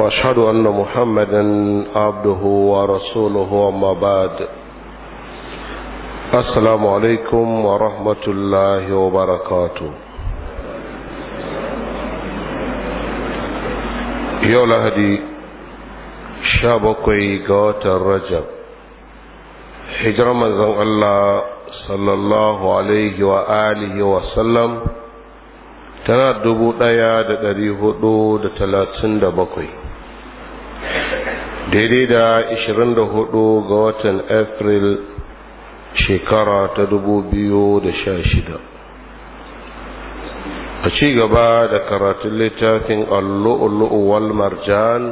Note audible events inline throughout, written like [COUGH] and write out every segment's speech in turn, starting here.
واشهد ان محمدا عبده ورسوله وما بعد السلام عليكم ورحمه الله وبركاته yau lahadi sha bakwai ga watan rajab hijirar manzon Allah sallallahu alaihi wa alihi wa sallam tana dubu ɗaya da ɗari huɗu da talatin da bakwai daidai da 24 ga watan april shekara ta 2016 a ci gaba da karatun littafin allu'ulu'u wal marjan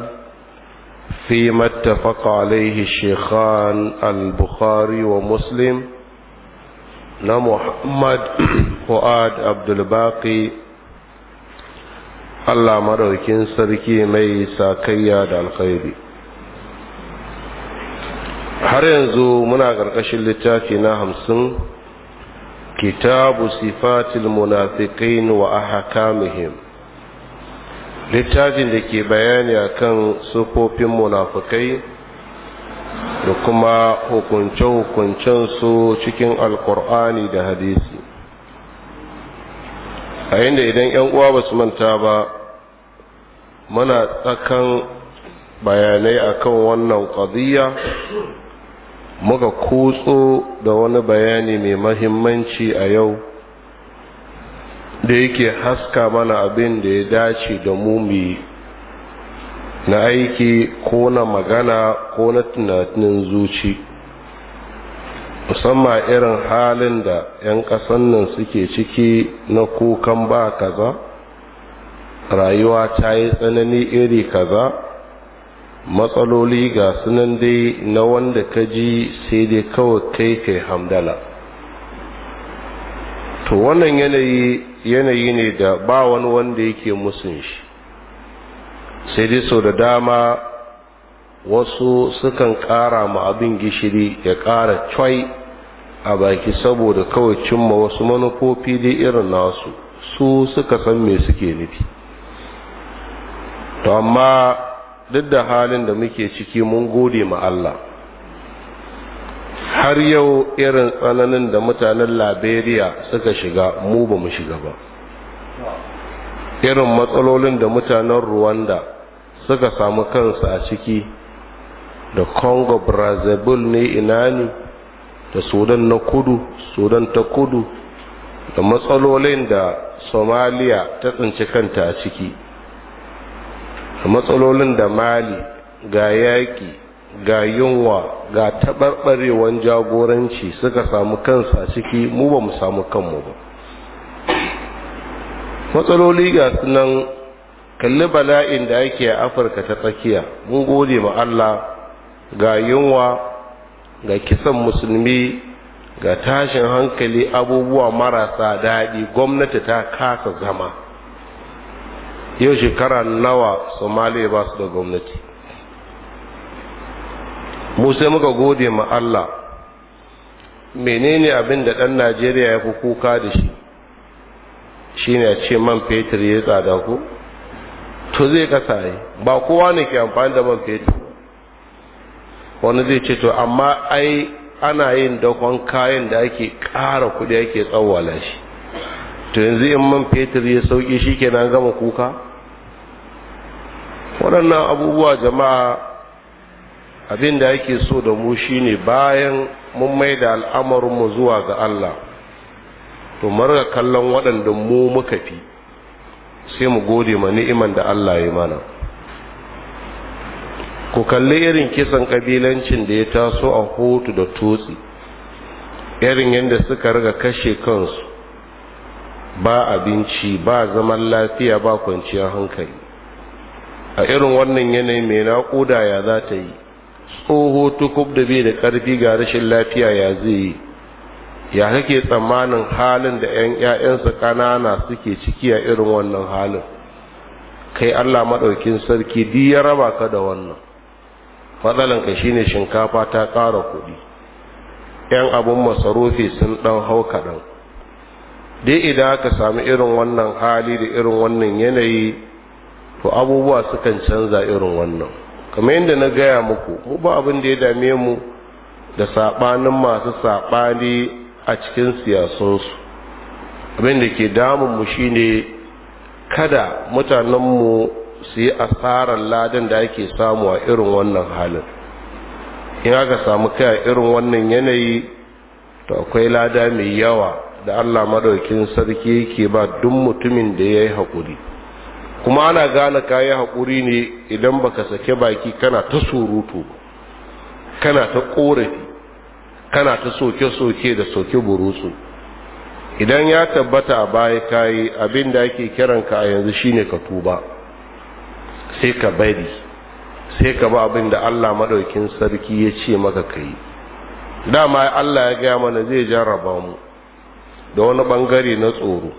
fi mattafaka alaihi shekhan al-bukhari wa muslim na muhammad [CLEARS THROAT] fu'ad abdulbaki allah maraukin sarki mai sakayya da alkhairi har yanzu muna ƙarƙashin littafi na hamsin kitabu sifatil munafiqin wa muhim littafin da ke bayani akan sufofin munafikai da kuma hukunce-hukuncen su cikin alkur'ani da hadisi a yadda idan 'yan uwa ba su manta ba muna tsakan bayanai akan wannan ƙadiyya muka kutso da wani bayani mai mahimmanci a yau da yake haska mana abin da ya dace da mu mumi na aiki ko na magana ko na tunanin zuci musamman irin halin da 'yan kasan nan suke ciki na kukan ba kaza rayuwa ta yi tsanani iri kaza matsaloli ga sunan dai na wanda ka ji sai dai kawai kai kai hamdala to wannan yanayi yanayi ne da ba wani wanda yake musun shi sai dai sau da dama wasu sukan ƙara ma abin gishiri ya ƙara cwai a baki saboda kawai cimma wasu manufofi dai irin nasu su suka san me suke nufi to amma duk da halin da muke ciki mun gode ma Allah har yau irin tsananin da mutanen liberia suka shiga mu ba mu shiga ba irin matsalolin da mutanen rwanda suka samu kansu a ciki da congo brazzaville ne ina ne da sudan na kudu sudan ta kudu da matsalolin da somaliya ta tsinci kanta a ciki matsalolin da mali ga yaƙi ga yunwa ga taɓarɓarewan jagoranci suka samu kansa ciki mu ba mu samu kanmu ba matsaloli ga sunan kalli bala'in da ake a afirka ta tsakiya mun gode ma Allah ga yunwa ga kisan musulmi ga tashin hankali abubuwa marasa daɗi gwamnati ta kasa zama yau shekara nawa Somali ba su da gwamnati musa sai muka gode ma allah menene abin da ɗan najeriya ya fi kuka da shi Shi a ce man fetur ya tsada ko to zai kasa yi ba kowa ne ke amfani da man fetur wani zai ce to amma ai ana yin dakon kayan da ake ƙara kuɗi ake tsawwala shi to yanzu in man fetur ya sauƙi shi kenan gama kuka waɗannan abubuwa jama'a abin da yake so da mu shine bayan mun mai da al'amarinmu zuwa ga Allah to marar kallon waɗanda mu muka fi sai mu gode ma ni'iman da Allah ya mana ku kalli irin kisan ƙabilancin da ya taso a hutu da tutsi irin yadda suka riga kashe kansu ba abinci ba zaman lafiya ba kwanciyar hankali a irin wannan yanayi mai naƙuda ya za ta yi tsoho tukub da bai da ƙarfi ga rashin lafiya ya zai yi ya kake tsammanin halin da 'yan 'ya'yansa ƙanana suke ciki a irin wannan halin kai allah maɗaukin sarki di ya raba ka da wannan ka shine shinkafa ta ƙara kuɗi 'yan abun masarufi sun ɗan hau kaɗan dai idan aka sami irin wannan hali da irin wannan yanayi to abubuwa sukan canza irin wannan kamar yadda na gaya muku mu ba abin da ya dame mu da saɓanin masu saɓani a cikin siyasunsu abin da ke damunmu shine kada mutanenmu su yi asarar ladan da ake samu a irin wannan halin in aka samu kai a irin wannan yanayi to akwai lada mai yawa da allah madaukin sarki yake ba duk mutumin da ya yi haƙuri kuma ana gane kayi haƙuri ne idan baka sake baki kana ta surutu kana ta ƙorafi kana ta soke-soke da soke burutsu idan ya tabbata a baya kayi abin da ake kiranka a yanzu shine ka tuba sai ka bari sai ka ba abin da allah maɗaukin sarki ya ce maka ka yi dama allah ya gaya mana zai jarraba mu da wani ɓangare na tsoro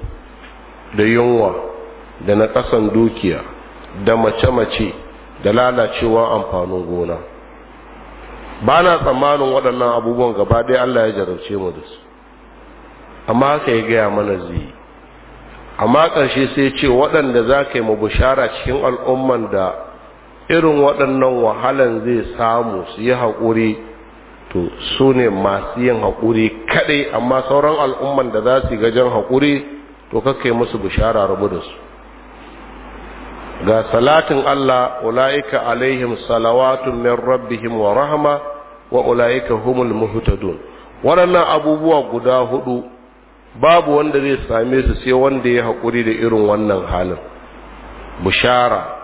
da yunwa da na ƙasan dukiya da mace-mace da lalacewa amfanin gona ba na tsammanin waɗannan abubuwan gaba ɗaya Allah ya jarabce mu da su amma haka ya gaya mana zai amma ƙarshe sai ce waɗanda za ka yi mu bishara cikin al'umman da irin waɗannan wahalan zai samu su yi haƙuri to su ne masu yin haƙuri kaɗai amma sauran al'umman da za su yi gajen haƙuri to kakai musu bishara rabu da su ga salatin Allah ula'ika alaihim salawatun min rabbihim wa rahma wa ula'ika humul muhtadun waɗannan abubuwa guda hudu babu wanda zai same su sai wanda ya hakuri da irin wannan halin bushara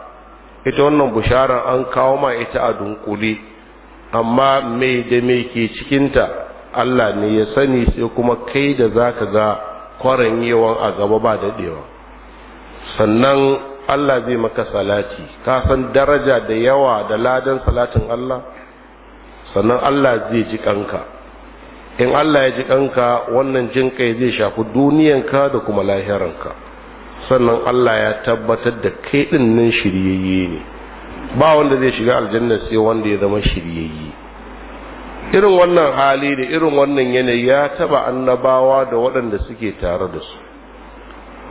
ita wannan bushara an kawo ma ita a dunkule amma mai da mai ke cikinta Allah ne ya sani sai kuma kai da zaka ga yawan a gaba ba daɗewa sannan Allah zai maka salati ka san daraja da yawa da ladan salatin Allah sannan Allah zai ji kanka in Allah ya ji kanka wannan jin kai zai shafi duniyanka da kuma lahiranka sannan Allah ya tabbatar da kai din nan shiryayye ne ba wanda zai shiga aljanna sai wanda ya zama shiryayye irin wannan hali da irin wannan yanayi ya taba annabawa da waɗanda suke tare da su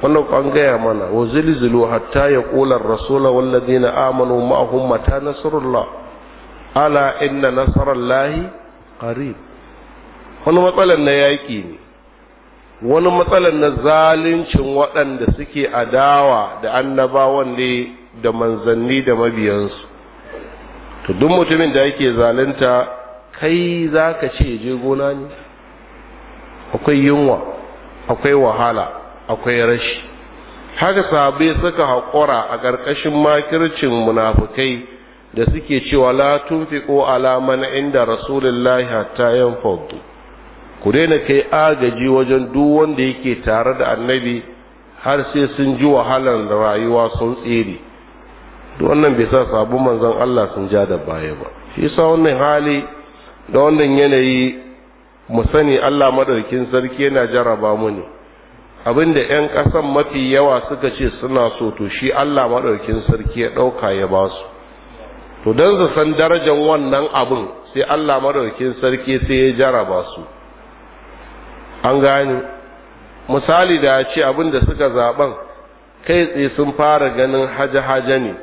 wannan an gaya mana wa zilzilu hatta ya ƙular rasula wallazina amanu ma'ahum mata nasrullah ala inna nasrallahi qarib wani matsalan na yaƙi ne wani matsalar na zaluncin waɗanda suke adawa da annabawan ne da manzanni da mabiyansu to duk mutumin da yake zalunta kai za ka ce je gona ne akwai yunwa akwai wahala akwai rashi haka ya suka haƙura a ƙarƙashin makircin munafukai da suke cewa la tunfiqu ala man inda rasulullahi hatta fadu. ku daina kai agaji wajen duk wanda yake tare da annabi har sai sun ji wahalan rayuwa sun tsere duk wannan bai sa sabon manzon Allah sun ja da baya ba shi sa wannan hali da wannan yanayi mu sani Allah madarkin sarki yana jaraba mu ne abinda 'yan ƙasan mafi yawa suka ce suna so to shi Allah maɗaukin sarki ya ɗauka ya ba su to don su san darajar wannan abin sai Allah maɗaukin sarki sai ya jaraba su an gani misali da ce abin da suka zaɓen, kai tsaye sun fara ganin haja-haja ne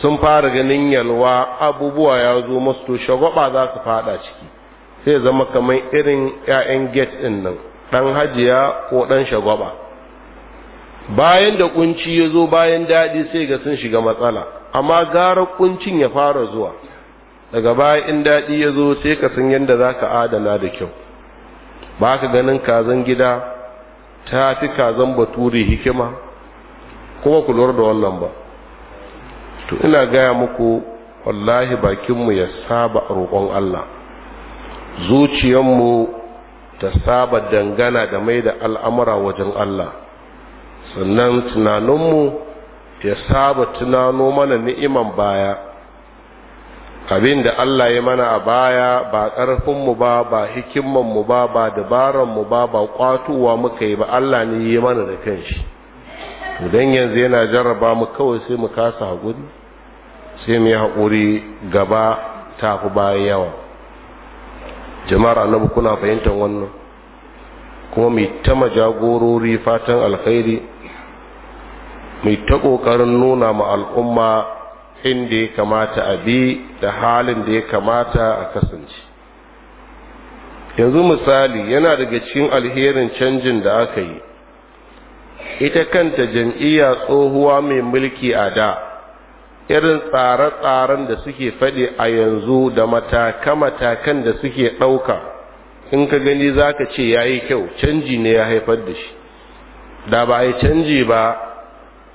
sun fara ganin yalwa abubuwa ya zo masu to shagwaba za su fada ciki sai zama kamar irin 'ya'yan gate ɗin nan ɗan hajiya ko ɗan shagwaba bayan da kunci ya zo bayan daɗi sai ga sun shiga matsala amma gara kuncin ya fara zuwa daga baya in daɗi ya zo sai ka san yadda za ka adana da kyau ba ka ganin kazan gida ta fi kazan bature hikima kuma ku lura da wannan ba to ina gaya muku wallahi bakinmu ya saba roƙon Allah zuciyarmu ta saba dangana da mai da al'amura wajen Allah sannan tunaninmu ya saba tunano mana ni'iman baya abin da Allah ya mana a baya ba ƙarfinmu ba ba hikimanmu ba ba dabaranmu ba ba ƙwatowa muka yi ba Allah ne yi mana da kanshi to don yanzu yana jarraba mu kawai sai mu kasa haƙuri sai mu yi haƙuri gaba tafi bayan yawa jama'ar annabi kuna fahimtar wannan kuma mai ta majagorori fatan alkhairi mai ta ƙoƙarin nuna ma al'umma inda ya kamata a bi da halin da ya kamata a kasance yanzu misali yana daga cikin alherin canjin da aka yi ita kanta jam'iyya tsohuwa mai mulki a da irin tsare-tsaren da suke faɗi a yanzu da mataka-matakan da suke ɗauka in ka gani za ka ce ya yi kyau canji ne ya haifar da shi da ba a yi canji ba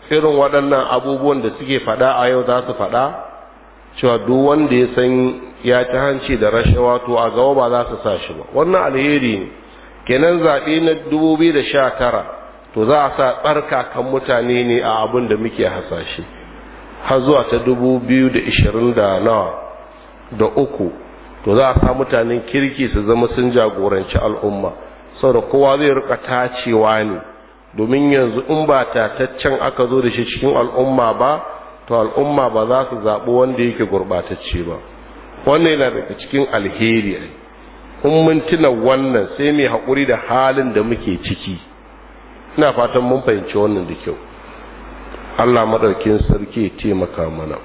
irin waɗannan abubuwan da suke faɗa a yau za su faɗa cewa duk wanda ya san ya ci hanci da rashawa to a gawa ba za su sa shi ba wannan alheri ne kenan zaɓe na 2019 to za a sa tsarka kan mutane ne a abin da muke hasashe har zuwa ta dubu biyu da ishirin da nawa da uku to za a sa mutanen kirki su zama sun jagoranci al'umma saboda kowa zai rika tacewa ne domin yanzu in ba tataccen aka zo da shi cikin al'umma ba to al'umma ba za su zaɓi wanda yake gurɓatacce ba wannan yana daga cikin alheri in mun tuna wannan sai mai haƙuri da halin da muke ciki ina fatan mun fahimci wannan da kyau Allah madaukin sarki ya taimaka mana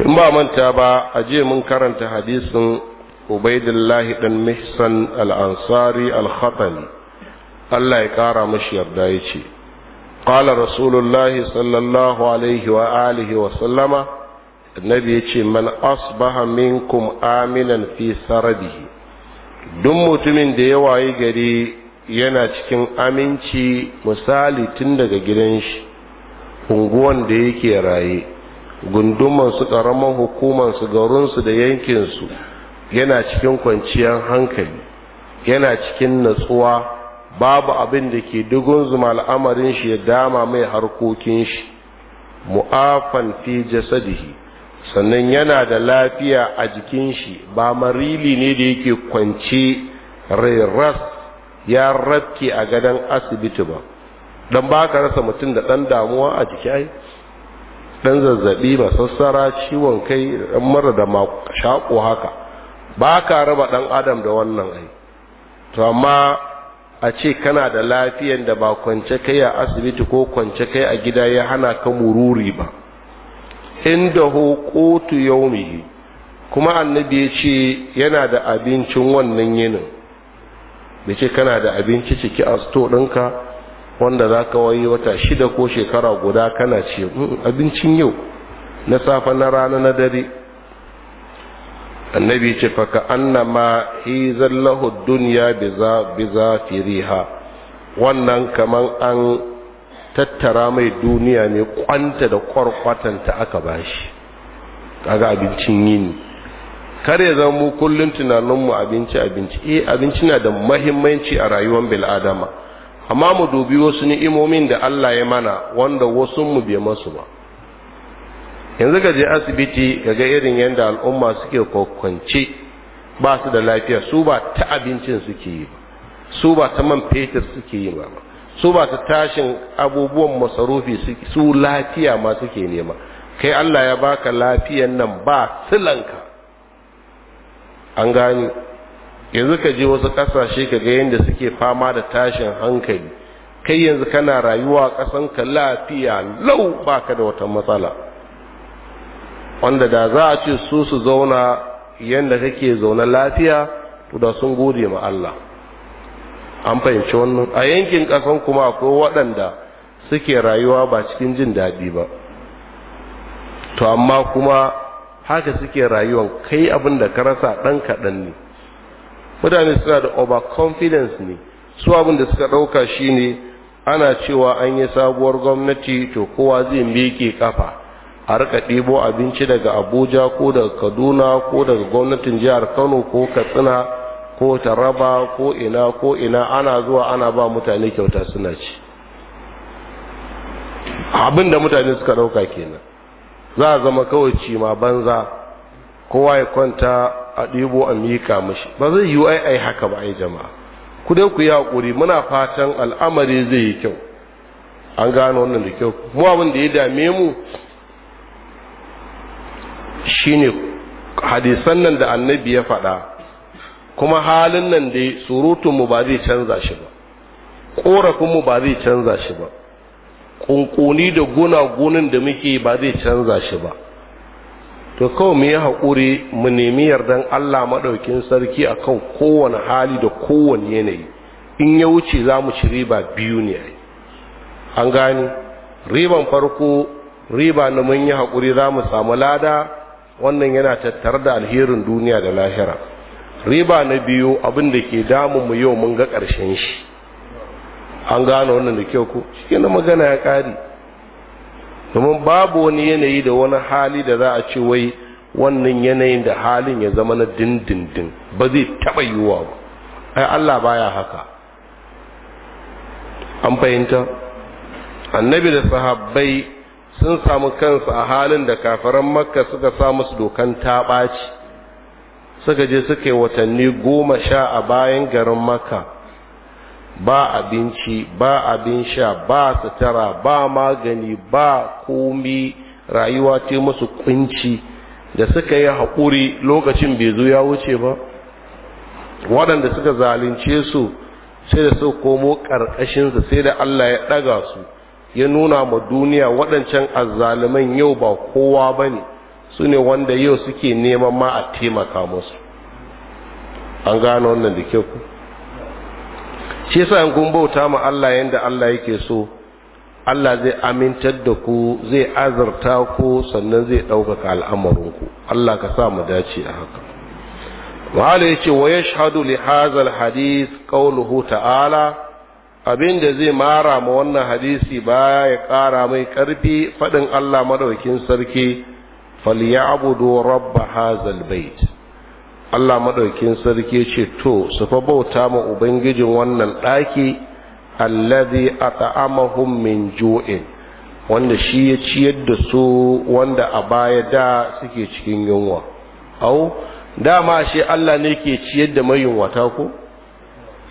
tun ba manta ba a je mun karanta hadisin ubaidillahi dan mihsan al-ansari al al-khatan Allah ya kara mashi yarda ya ce rasulullahi sallallahu alaihi wa alihi wa sallama وسلم النبي يقول من أصبح منكم aminan في سربه duk mutumin da ya waye gari yana cikin aminci misali tun daga gidan shi unguwan da yake raye gunduman su ƙaramin hukumar su garinsu da yankinsu yana cikin kwanciyar hankali yana cikin natsuwa babu abin da ke dugun zuma al'amarin shi ya dama mai harkokin shi mu'afan fi jasadihi sannan yana da lafiya a jikin shi ba marili ne da yake kwanci rai ya rafke a gadon asibiti ba dan ba ka rasa mutum da dan damuwa a jiki ai dan zazzabi masassara ciwon kai dan mara da shaƙo haka ba ka raba dan adam da wannan ai to amma a ce kana da lafiyan da ba kwance kai a asibiti ko kwance kai a gida ya hana ka mururi ba inda kotu yaumihi kuma annabi ya ce yana da abincin wannan yinin da ce kana da abinci ciki a sto ɗinka wanda za ka wayi wata shida ko shekara guda kana ce mm, abincin yau na safa na rana na dare annabi ce faka annama hizallahu dunya duniya biza firiha wannan kaman an tattara mai duniya ne kwanta da kwarkwatanta aka bashi kaga abincin yini kar ya zama mu kullum tunaninmu abinci abinci eh abinci na da muhimmanci a rayuwar bil'adama amma mu dubi wasu ni'imomin da Allah ya mana wanda wasu mu bai masu ba yanzu ga je asibiti ga irin yadda al'umma suke kwakwance ba su da lafiya su ba ta abincin suke yi ba su ba ta man fetur suke yi ba su ba ta tashin abubuwan masarufi su lafiya ma suke nema kai Allah ya baka lafiyan nan ba silanka an gani yanzu ka je wasu kasashe ka ga yadda suke fama da tashin hankali kai yanzu kana rayuwa kasan ka lafiya lau baka da wata matsala wanda da za a ce su su zauna yadda kake zaune lafiya to da sun gode ma Allah an fahimci wannan a yankin kasan kuma akwai waɗanda suke rayuwa ba cikin jin daɗi ba to amma kuma haka suke rayuwan kai abin da ka rasa ɗan kaɗan ne mutane suna da overconfidence ne su abin da suka ɗauka ne ana cewa an yi sabuwar gwamnati to kowa zai meke kafa a rika ɗebo abinci daga abuja ko daga kaduna ko daga gwamnatin jihar kano ko katsina ko taraba ko ina ko ina ana zuwa ana ba mutane kyauta suna ci abin da mutane suka ɗauka kenan za a zama kawai cima banza kowa ya kwanta a ɗebo a mika mashi ba zai yi ai ai haka ba ai jama'a ku dai ku yi hakuri muna fatan al'amari zai yi kyau an gano wannan da kyau mu abin da ya dame mu shine hadisan nan da annabi ya faɗa kuma halin nan da surutun mu ba zai canza shi ba ƙorafin mu ba zai canza shi ba ƙunƙuni da gunagunin da muke ba zai canza shi ba to kawai mu yi haƙuri mu nemi yardan Allah maɗaukin sarki a kan kowane hali da kowane yanayi in ya wuce za mu ci riba biyu ne an gani riban farko riba na mun yi haƙuri za mu samu lada wannan yana tattare da alherin duniya da lahira riba na biyu abin da ke damun mu yau mun ga ƙarshen shi an gane wannan da kyau ku shi magana ya ƙari domin babu wani yanayi da wani hali da za a ce wai wannan yanayin da halin ya zama na dindindin ba zai taɓa yiwuwa ba ai Allah baya haka an fahimta annabi da sahabbai sun samu kansu a halin da kafaran makka suka samu su dokan taɓaci suka je suka yi watanni goma sha a bayan garin makka ba abinci ba abin sha ba sutura ba magani ba komi rayuwa ce musu kunci da suka yi haƙuri lokacin bai zo ya wuce ba waɗanda suka zalunce su sai da su komo ƙarƙashinsu sai da Allah ya ɗaga su ya nuna ma duniya waɗancan azzaliman yau ba kowa ba ne su ne wanda yau suke neman ma a taimaka musu an gano wannan da kyau ku shi yasa in kun bauta ma Allah yanda Allah yake so Allah zai amintar da ku zai azurta ku sannan zai ɗaukaka ku. Allah ka sa mu dace a haka wala yace wa yashhadu li al hadith qawluhu ta'ala abinda zai mara ma wannan hadisi baya ya ƙara mai ƙarfi faɗin Allah madaukin sarki falyabudu rabb al bait Allah maɗaukin sarki ce to su fa bauta ma ubangijin wannan daki allazi at'amahum min ju'in wanda shi ya ciyar da su wanda a baya da suke cikin yunwa au dama shi Allah ne ke ciyar da mayunwata ko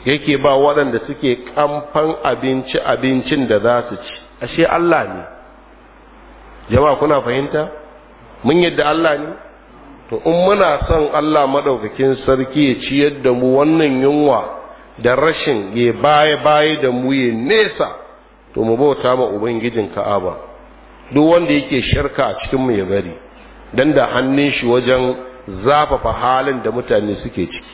yake ba waɗanda suke kamfan abinci abincin da za su ci ashe Allah ne jama'a kuna fahimta mun yadda Allah ne to in muna son Allah maɗaukakin sarki ya ciyar da mu wannan yunwa da rashin ya baya baya da mu ya nesa to mu bauta ma ubangijin ka'aba duk wanda yake shirka a cikin mu ya bari dan da hannun shi wajen zafafa halin da mutane suke ciki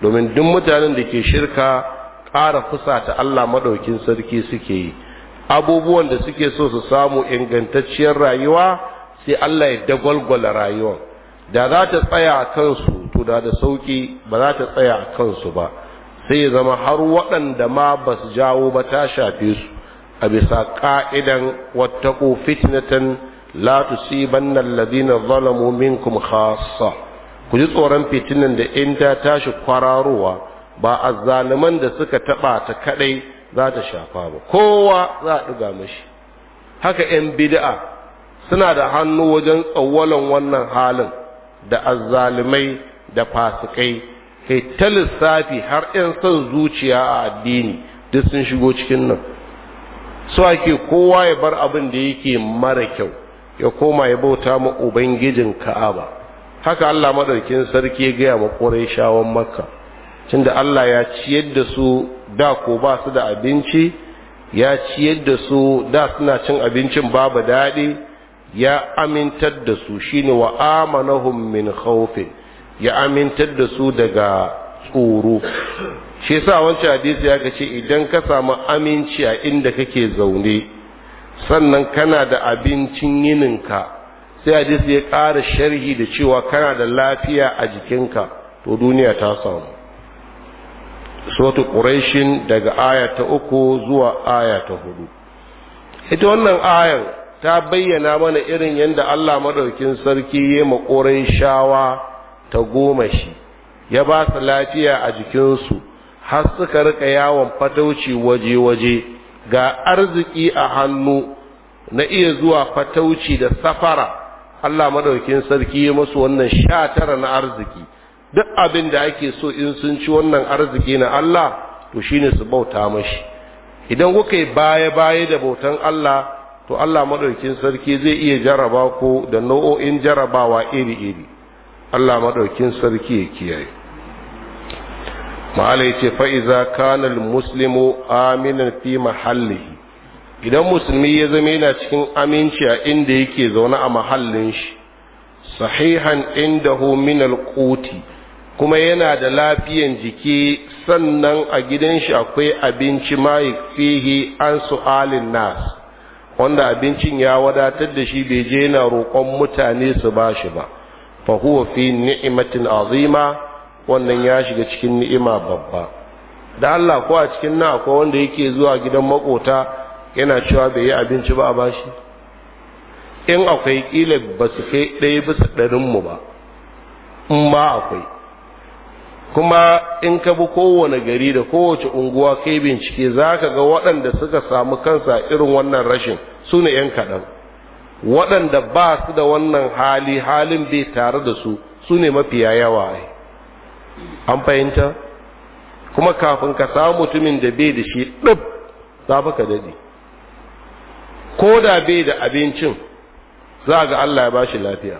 domin duk mutanen da ke shirka ƙara fusata Allah maɗaukin sarki suke yi abubuwan da suke so su samu ingantacciyar rayuwa sai Allah ya dagwalgwala rayuwar da za ta tsaya a kansu to da da sauki ba za ta tsaya a kansu ba sai zama har waɗanda ma ba su jawo ba ta shafe su a bisa ka'idan wattaku fitnatan la tusibanna alladhina zalamu minkum khassa ku ji tsoron fitinan da in ta tashi kwararowa ba azzaluman da suka taba ta kaɗai za ta shafa ba kowa za a ɗuga mashi haka 'yan bid'a suna da hannu wajen tsawalan wannan halin da azzalumai da fasikai kai ta lissafi har 'yan son zuciya a addini duk sun shigo cikin nan su ake kowa ya bar abin da yake mara kyau ya koma ya bauta ma ubangijin ka'aba haka allah maɗaukin sarki ya gaya ma ƙorai shawon makka tunda allah ya ciyar da su da ko ba su da abinci ya ciyar da su da suna cin abincin babu daɗi ya amintar da su shine wa amanahum min khawfin ya amintar da su daga tsoro shi yasa wancan hadisi ya kace idan ka samu aminci a inda kake zaune sannan kana da abincin yininka sai hadisi ya ƙara sharhi da cewa kana da lafiya a jikinka to duniya ta samu suratu quraishin daga aya ta uku zuwa aya ta hudu ita wannan ayan ta bayyana mana irin yadda Allah maɗaukin sarki ya makorai shawa ta goma shi ya ba su lafiya a jikinsu har suka rika yawon fatauci waje-waje ga arziki a hannu na iya zuwa fatauci da safara Allah madaukin sarki ya masu wannan sha tara na arziki duk abin da ake so in sun ci wannan arziki na Allah to shine su bauta mashi idan kuka yi baya-baya da bautan Allah to Allah madaukin sarki zai iya jaraba ku da nau'o'in jarabawa iri-iri Allah madaukin sarki ya kiyaye ma'ala yace fa iza kana almuslimu aminan fi mahallihi idan musulmi ya zama yana cikin aminci a inda yake zaune a mahallin shi sahihan indahu min alquti kuma yana da lafiyan jiki sannan a gidan shi akwai abinci mai fihi an su'alin nas wanda abincin ya wadatar da shi bai je na roƙon mutane su ba shi ba fa huwa fi ni'matin azima wannan ya shiga cikin ni'ima babba da Allah ko a cikin na akwai wanda yake zuwa gidan makota yana cewa bai yi abinci ba a bashi in akwai kila ba su kai ɗaya bisa ɗarin mu ba in ma akwai kuma in ka bi kowane gari da kowace unguwa kai bincike za ka ga waɗanda suka samu kansa irin wannan rashin su ne 'yan kaɗan waɗanda ba su da wannan hali halin bai tare da su su ne mafiya yawa an fahimta kuma kafin ka samu mutumin da bai da shi ɗab za ka daɗi, ko da bai da abincin za ga Allah ya ba shi lafiya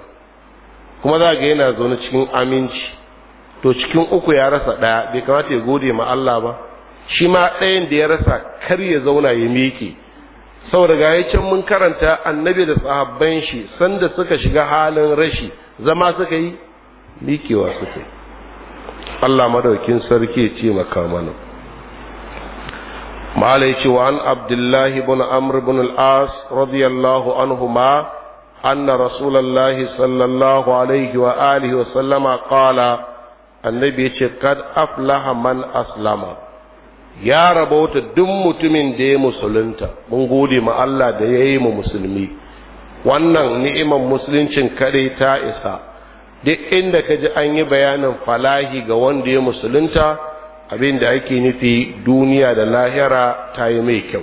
kuma za ga yana zaune cikin aminci to cikin uku ya rasa ɗaya bai kamata ya gode ma Allah ba shi ma ɗayan da ya rasa kar ya zauna ya miƙe saboda ga ya can mun karanta annabi da sahabban shi sanda suka shiga halin rashi zama suka yi miƙewa suka yi Allah madaukin sarki ce maka mana malai ce wa an abdullahi bin amr bin al-as radiyallahu anhuma anna rasulullahi sallallahu alaihi wa alihi wa sallama qala annabi ya ce kad aflaha man aslama ya rabauta duk mutumin da ya musulunta mun gode ma Allah da ya yi mu musulmi wannan ni'imar musuluncin kare ta isa duk inda ka ji an yi bayanin falahi ga wanda ya musulunta abin da ake nufi duniya da lahira ta yi mai kyau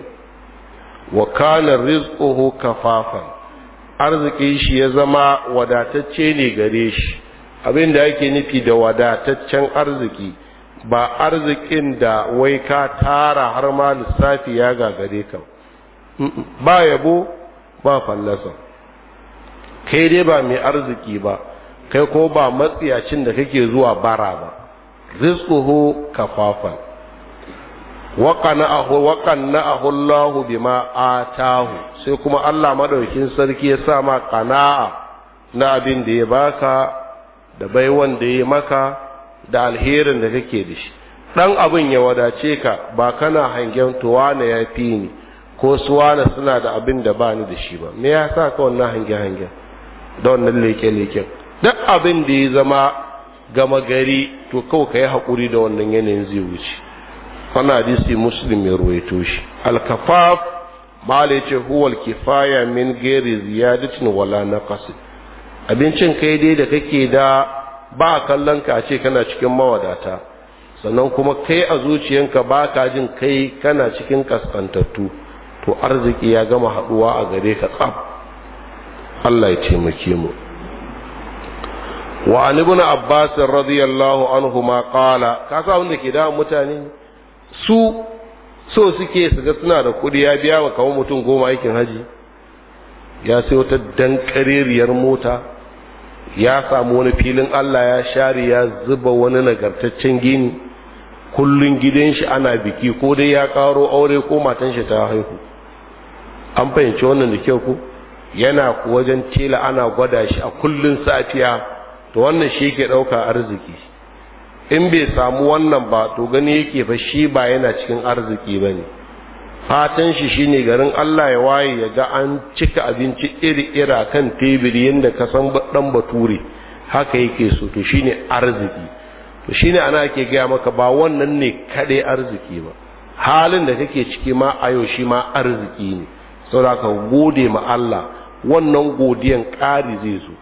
wa kana rizquhu kafafan arziki shi ya zama wadatacce ne gare shi abin da yake nufi da wadataccen arziki ba arzikin da wai ka tara har ma lissafi ya gagare ka ba yabo ba fallasa kai dai ba mai arziki ba kai ko ba matsiyacin da kake zuwa bara ba rizquhu kafafan waqana'ahu Allahu bima atahu sai kuma Allah madaukin sarki ya sa ma qana'a na abin da ya baka da bai wanda ya maka da alherin da kake da shi dan abin ya wadace ka ba kana hangen tuwa na ya fi ni ko suwa na suna da abin da ba ni da shi ba me ya sa ka wannan hangen hangen da wannan leke leke duk abin da ya zama gama gari to kawai ka yi haƙuri da wannan yanayin zai wuce wannan hadisi muslim ya ruwaito shi alkafaf malai ce huwal kifaya min gari ziyadatin wala na naqasin abincin kai dai da kake da ba kallon ka ce kana cikin mawadata sannan kuma kai a zuciyanka ba ka jin kai kana cikin kaskantattu to arziki ya gama haɗuwa a gare ka tsab Allah ya taimake mu wa an ibn abbas radiyallahu anhu ma qala ka sa wanda ke da mutane su so suke su ga suna da kudi ya biya wa kawo mutum goma aikin haji ya sayo wata dankareriyar mota ya samu wani filin Allah ya share ya zuba wani nagartaccen gini kullun gidan shi ana biki ko dai ya karo aure ko matan shi ta haihu an fahimci wannan da kyau ku yana ku wajen tela ana gwada shi a kullun safiya to wannan shi yake dauka arziki in bai samu wannan ba to gani yake fa shi ba yana cikin arziki bane fatan shi shine garin Allah ya waye ya ga an cika abinci iri-ira kan tebiri yadda ka san dan bature haka yake so to shine arziki to shine ana ke gaya maka ba wannan ne kaɗai arziki ba halin da kake ciki ma a yau shi ma arziki ne saboda ka gode ma Allah wannan godiyan ƙari zai zo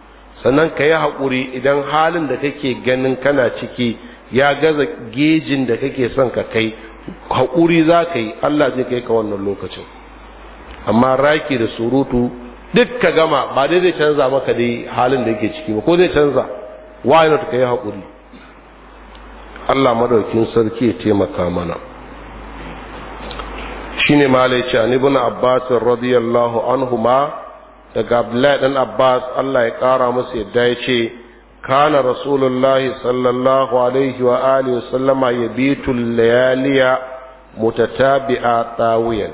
sannan ka yi haƙuri idan halin da kake ganin kana ciki ya gaza gejin da kake son ka kai haƙuri za ka yi allah zai kai ka wannan lokacin amma raki da surutu duk ka gama ba dai zai canza maka dai halin da yake ciki ba ko zai canza why not ka yi haƙuri allah madaukin sarki ya taimaka mana shine malai ce an ibn abbas radiyallahu anhuma daga abdullahi dan abbas allah ya kara masa yadda ya ce kana rasulullahi sallallahu alaihi wa alihi sallama bitu layaliya mutatabi'a tawiyan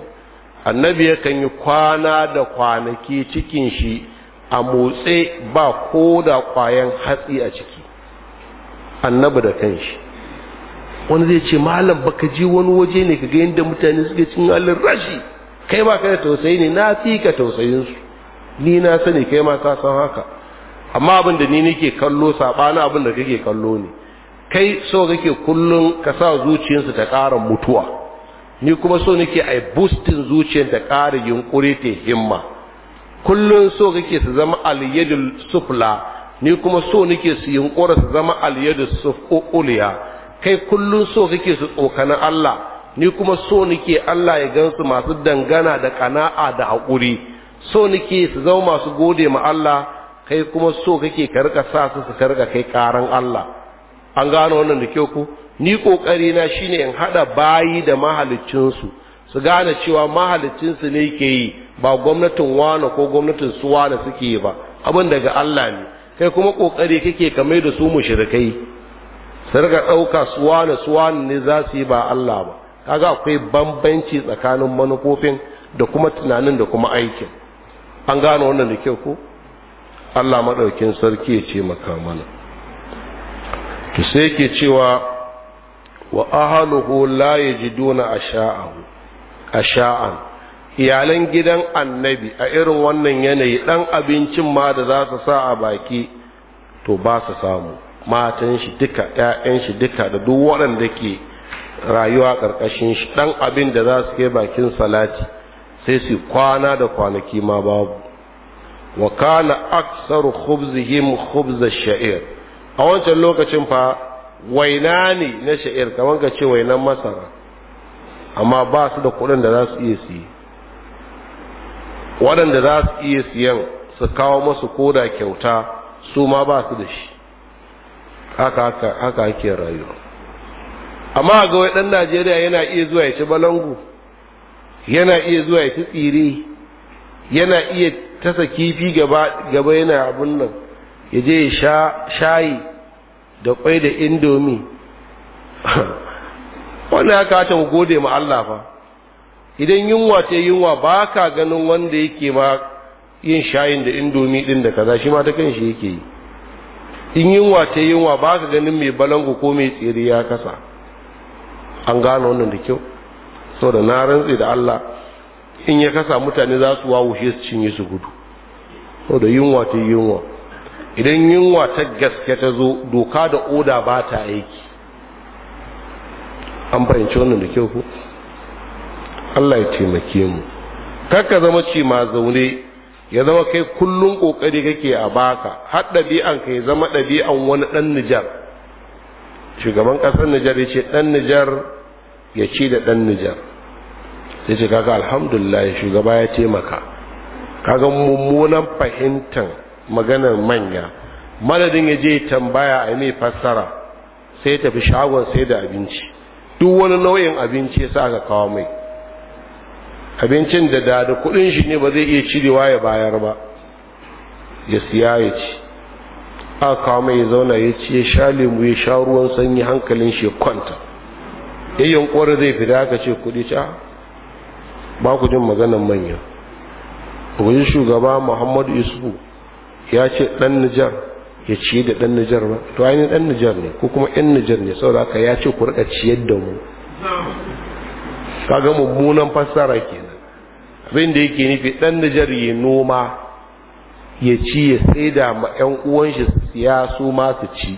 annabi yakan yi kwana da kwanaki cikin shi a motse ba ko da kwayan hatsi a ciki annabi da kanshi wani zai ce malam baka ji wani waje ne kaga yadda mutane suke cin halin rashi kai ba ka da tausayi ne na fi ka tausayinsu ni na sani kai ma ka san haka amma abin da ni nake kallo saɓanin abin da kake kallo ne kai so kake kullum ka sa zuciyarsu ta ƙara mutuwa ni kuma so nake ai bustin zuciyar ta ƙara yunkuri ta himma kullum so kake su zama aliyadul sufla ni kuma so nake su yunƙura su zama alyadul sufuliya kai kullum so kake su tsokanin Allah ni kuma so nake Allah ya gansu masu dangana da kana'a da haƙuri so nake su zama masu gode ma Allah kai kuma so kake ka sa su su karka kai karan Allah an gano wannan da kyau ku ni kokari na shine in hada bayi da mahalicin su su gane cewa mahalicin su ne ke yi ba gwamnatin wani ko gwamnatin su wani suke yi ba abin daga Allah ne kai kuma kokari kake ka mai da su mushrikai su rika dauka su wani su wani ne za su yi ba Allah ba kaga akwai bambanci tsakanin manufofin da kuma tunanin da kuma aikin an gano wannan da kyau ko Allah maɗaukin sarki ya ce maka mana to sai ke cewa wa ahaluhu la yajiduna asha'ahu asha'an iyalan gidan annabi a irin wannan yanayi dan abincin ma da za su sa a baki to ba su samu matan shi duka ƴaƴan shi duka da duk waɗanda ke rayuwa ƙarƙashin shi dan abin da za su kai bakin salati sai su kwana da kwanaki ma babu wa kana aksaru khubzihim khubz ash-sha'ir a wancan lokacin fa waina ne na sha'ir kaman ka ce wainan masara amma ba su da kuɗin da za su iya siye waɗanda za su iya siyan su kawo masu koda kyauta su ma ba su da shi haka haka haka ake rayuwa amma ga wai ɗan najeriya yana iya zuwa ya ci balangu yana iya zuwa ya ci tsire yana iya tasa kifi gaba gaba yana abun nan ya je sha shayi da kwai da indomi [LAUGHS] wani ya kata mu gode ma Allah fa idan yunwa ta yunwa ba ka ganin wanda yake ma yin shayin da indomi din da kaza shi ma ta shi yake yi in yunwa ta yunwa ba ka ganin mai balangu ko mai tsiri ya kasa an gano wannan da kyau da na rantsi da Allah in ya kasa mutane za su wawushe su cinye su gudu so da yunwa ta yunwa idan yunwa ta gaske ta zo doka da oda ba ta aiki an fahimci wannan da kyau ku Allah ya taimake mu kakka zama ce ma zaune ya zama kai kullum kokari kake a baka har ɗabi'an ka ya zama ɗabi'an wani ɗan Nijar shugaban ƙasar Nijar ya ce ɗan Nijar ya ci da ɗan Nijar ya ce kaga alhamdulillah shugaba ya taimaka kaga mummunan fahimtar maganar manya madadin ya je tambaya a mai fassara sai tafi shagon sai da abinci duk wani nau'in abinci sa aka kawo mai abincin da da da kudin shi ne ba zai iya cirewa ya bayar ba ya siya ya ci aka kawo mai ya zauna ya ci ya sha lemu ya sha ruwan sanyi hankalin shi ya kwanta ya yi zai da aka ce kudi ca ba ku jin maganan manya wajen shugaba muhammadu isu ya ce dan nijar ya ciye da dan nijar ba to ainihin dan nijar ne ko kuma yan nijar ne saboda haka ya ce ku rika ciyar da mu kaga mummunan fassara kenan abin da yake nufi dan nijar ya noma ya ci ya sai ma yan uwan shi siya su ma ci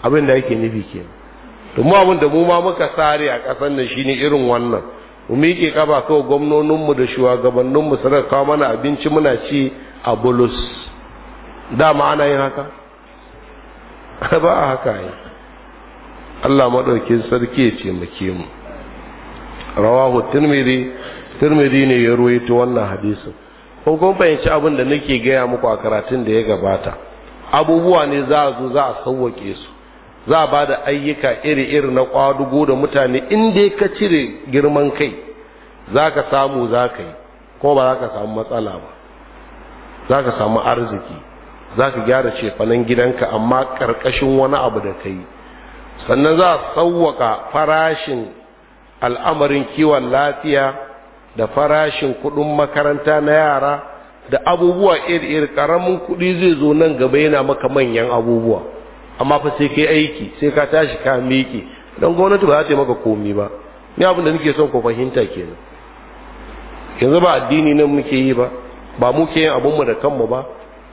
abin da yake nufi kenan to mu abin da mu ma muka sare a kasan nan shine irin wannan mu miƙe kafa kawai gwamnoninmu da shugabanninmu su kawo mana abinci muna ci a bulus dama ana yin haka [LAUGHS] ba a haka yi Allah maɗaukin sarki ya ce muke mu rawahu turmiri turmiri ne ya ruwaito wannan hadisin kun kun fahimci abin da nake gaya muku a karatun da ya gabata abubuwa ne za a zo za a sauwake su za a ba da ayyuka iri-iri na kwadugo da mutane inda ka cire girman kai za ka samu za ka yi ko ba za ka samu matsala ba za ka samu arziki za ka gyara cefanen gidanka amma ƙarƙashin wani abu da ka yi sannan za a sauwaka farashin al'amarin kiwon lafiya da farashin kuɗin makaranta na yara da abubuwa iri-iri ƙaramin kuɗi zai zo nan gaba yana maka manyan abubuwa amma fa sai kai aiki sai ka tashi ka miƙe don gwamnati ba za ta yi maka komi ba ni abin da nake son ku fahimta kenan yanzu ba addini nan muke yi ba ba muke yin abun mu da kanmu ba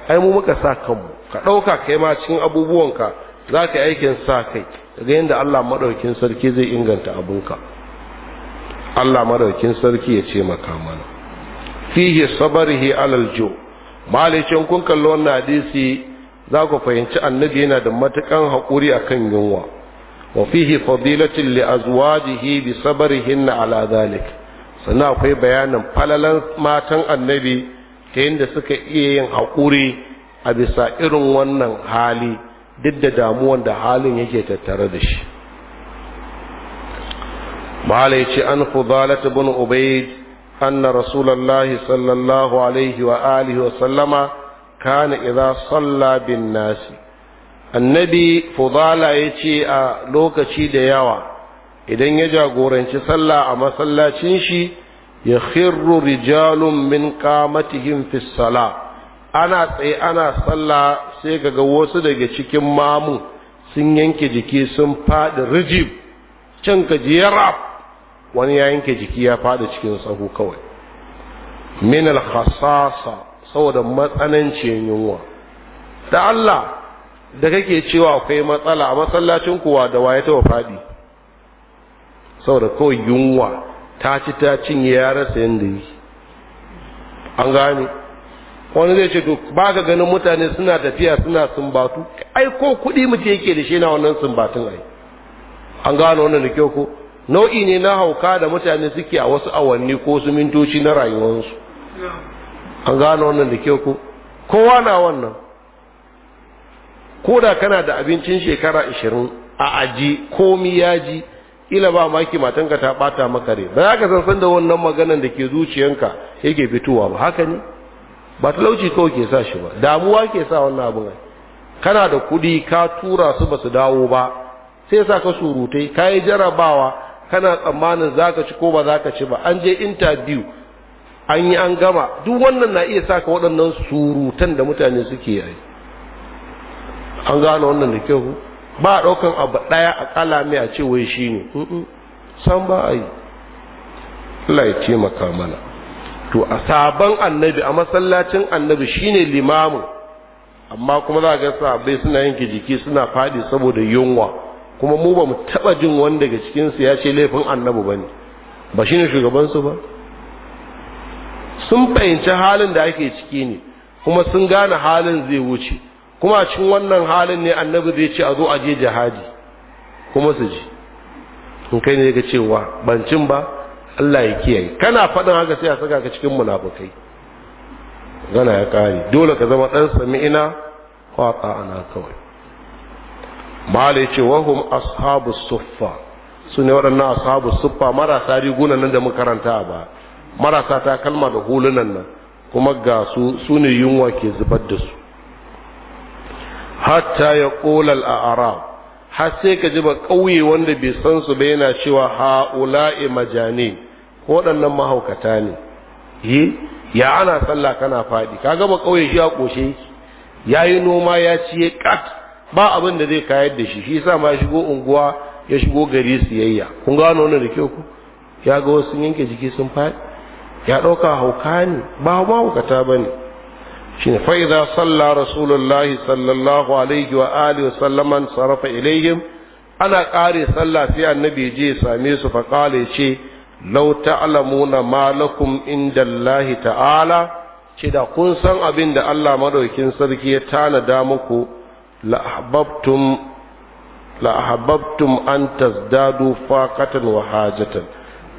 ai mu muka sa kanmu ka ɗauka kai ma cikin abubuwan ka za ka yi aikin sa kai daga yadda Allah maɗaukin sarki zai inganta abun ka. Allah maɗaukin sarki ya ce maka mana fihi sabarihi alal jo malicin kun kalli hadisi za ku fahimci annabi yana da matukan haƙuri akan yunwa wa fihi fadilatin li azwajihi bi sabrihinna ala zalik sannan akwai bayanin falalan matan annabi ta yadda suka iya yin haƙuri a bisa irin wannan hali duk da damuwan da halin yake tattare da shi malai ce an fudalat ibn ubayd anna rasulullahi sallallahu alaihi wa alihi wa sallama kana idza salla bin nasi annabi fudala ce a lokaci da yawa idan ya jagoranci sallah a masallacin shi ya khirru rijalun min qamatihim fi sala ana tsaye ana sallah sai kaga wasu daga cikin mamu sun yanke jiki sun faɗi rijib can ka ji wani ya yanke jiki ya faɗi cikin sahu kawai min al-khasasa saboda matsanancin yunwa da Allah da kake cewa akwai matsala a masallacin kuwa da waye ta fadi saboda kawai yunwa ta ci ta cinye ya rasa yadda yi an gane wani zai ce ba ka ganin mutane suna tafiya suna sumbatu ai ko kuɗi mutu yake da shi na wannan sumbatun ai an gane wannan da kyau ko nau'i ne na hauka da mutane suke a wasu awanni ko su mintoci na rayuwarsu an gano wannan da kyau ko kowa na wannan koda kana da abincin shekara ashirin a aji komi yaji ila ba maki matanka ta bata maka re ba zaka san san da wannan maganan da ke zuciyanka yake fitowa ba haka ne ba talauci ko ke sa shi ba damuwa ke sa wannan abin kana da kuɗi ka tura su basu dawo ba sai sa ka surutai kayi jarabawa kana tsammanin zaka ci ko ba za ka ci ba an je interview an yi an gama duk wannan na iya saka waɗannan surutan da mutane suke yi an gane wannan da kyau ba a ɗaukan abu ɗaya a mai a ce wai shi ne san ba a yi Allah ya taimaka mana to a sabon annabi a masallacin annabi shine limamin amma kuma za a ga sabai suna yanke jiki suna faɗi saboda yunwa kuma mu ba mu taɓa jin wani daga cikinsu ya ce laifin annabi ba ne ba shine shugabansu ba sun fahimci halin da ake ciki ne kuma sun gane halin zai wuce kuma cikin wannan halin ne annabi zai ce a zo a je jihadi kuma su ji in kai ne ga cewa bancin ba Allah ya kiyaye kana faɗin haka sai a saka ka cikin munafukai gana ya kare dole ka zama ɗan sami'ina wa ana kawai mala ya ce hum ashabus suffa su ne waɗannan ashabu suffa marasa rigunan nan da mun karanta ba marasa ta kalma da hulunan nan kuma ga su su ne yunwa ke zubar da su hatta ya ƙolal a arab har sai ka ji ba ƙauye wanda bai san su ba yana cewa ha'ula'i majani waɗannan mahaukata ne yi ya ana sallah kana faɗi ka gama ƙauye shi a ƙoshe ya yi noma ya ciye ƙat ba abin da zai kayar da shi shi sa ma shigo unguwa ya shigo gari siyayya kun gano wannan da kyau ku ya ga wasu yanke jiki sun faɗi ya ɗauka hauka ne ba mahaukata ba ne shi ne fa'iza salla rasulullahi sallallahu alaihi wa alihi sallaman sarrafa ilayhim ana ƙare sallah sai annabi je same su faƙale ce lau ta'lamuna ma lakum inda Allah ta'ala ce da kun san abin da Allah madaukin sarki ya tanada muku la la an tazdadu faqatan wa hajatan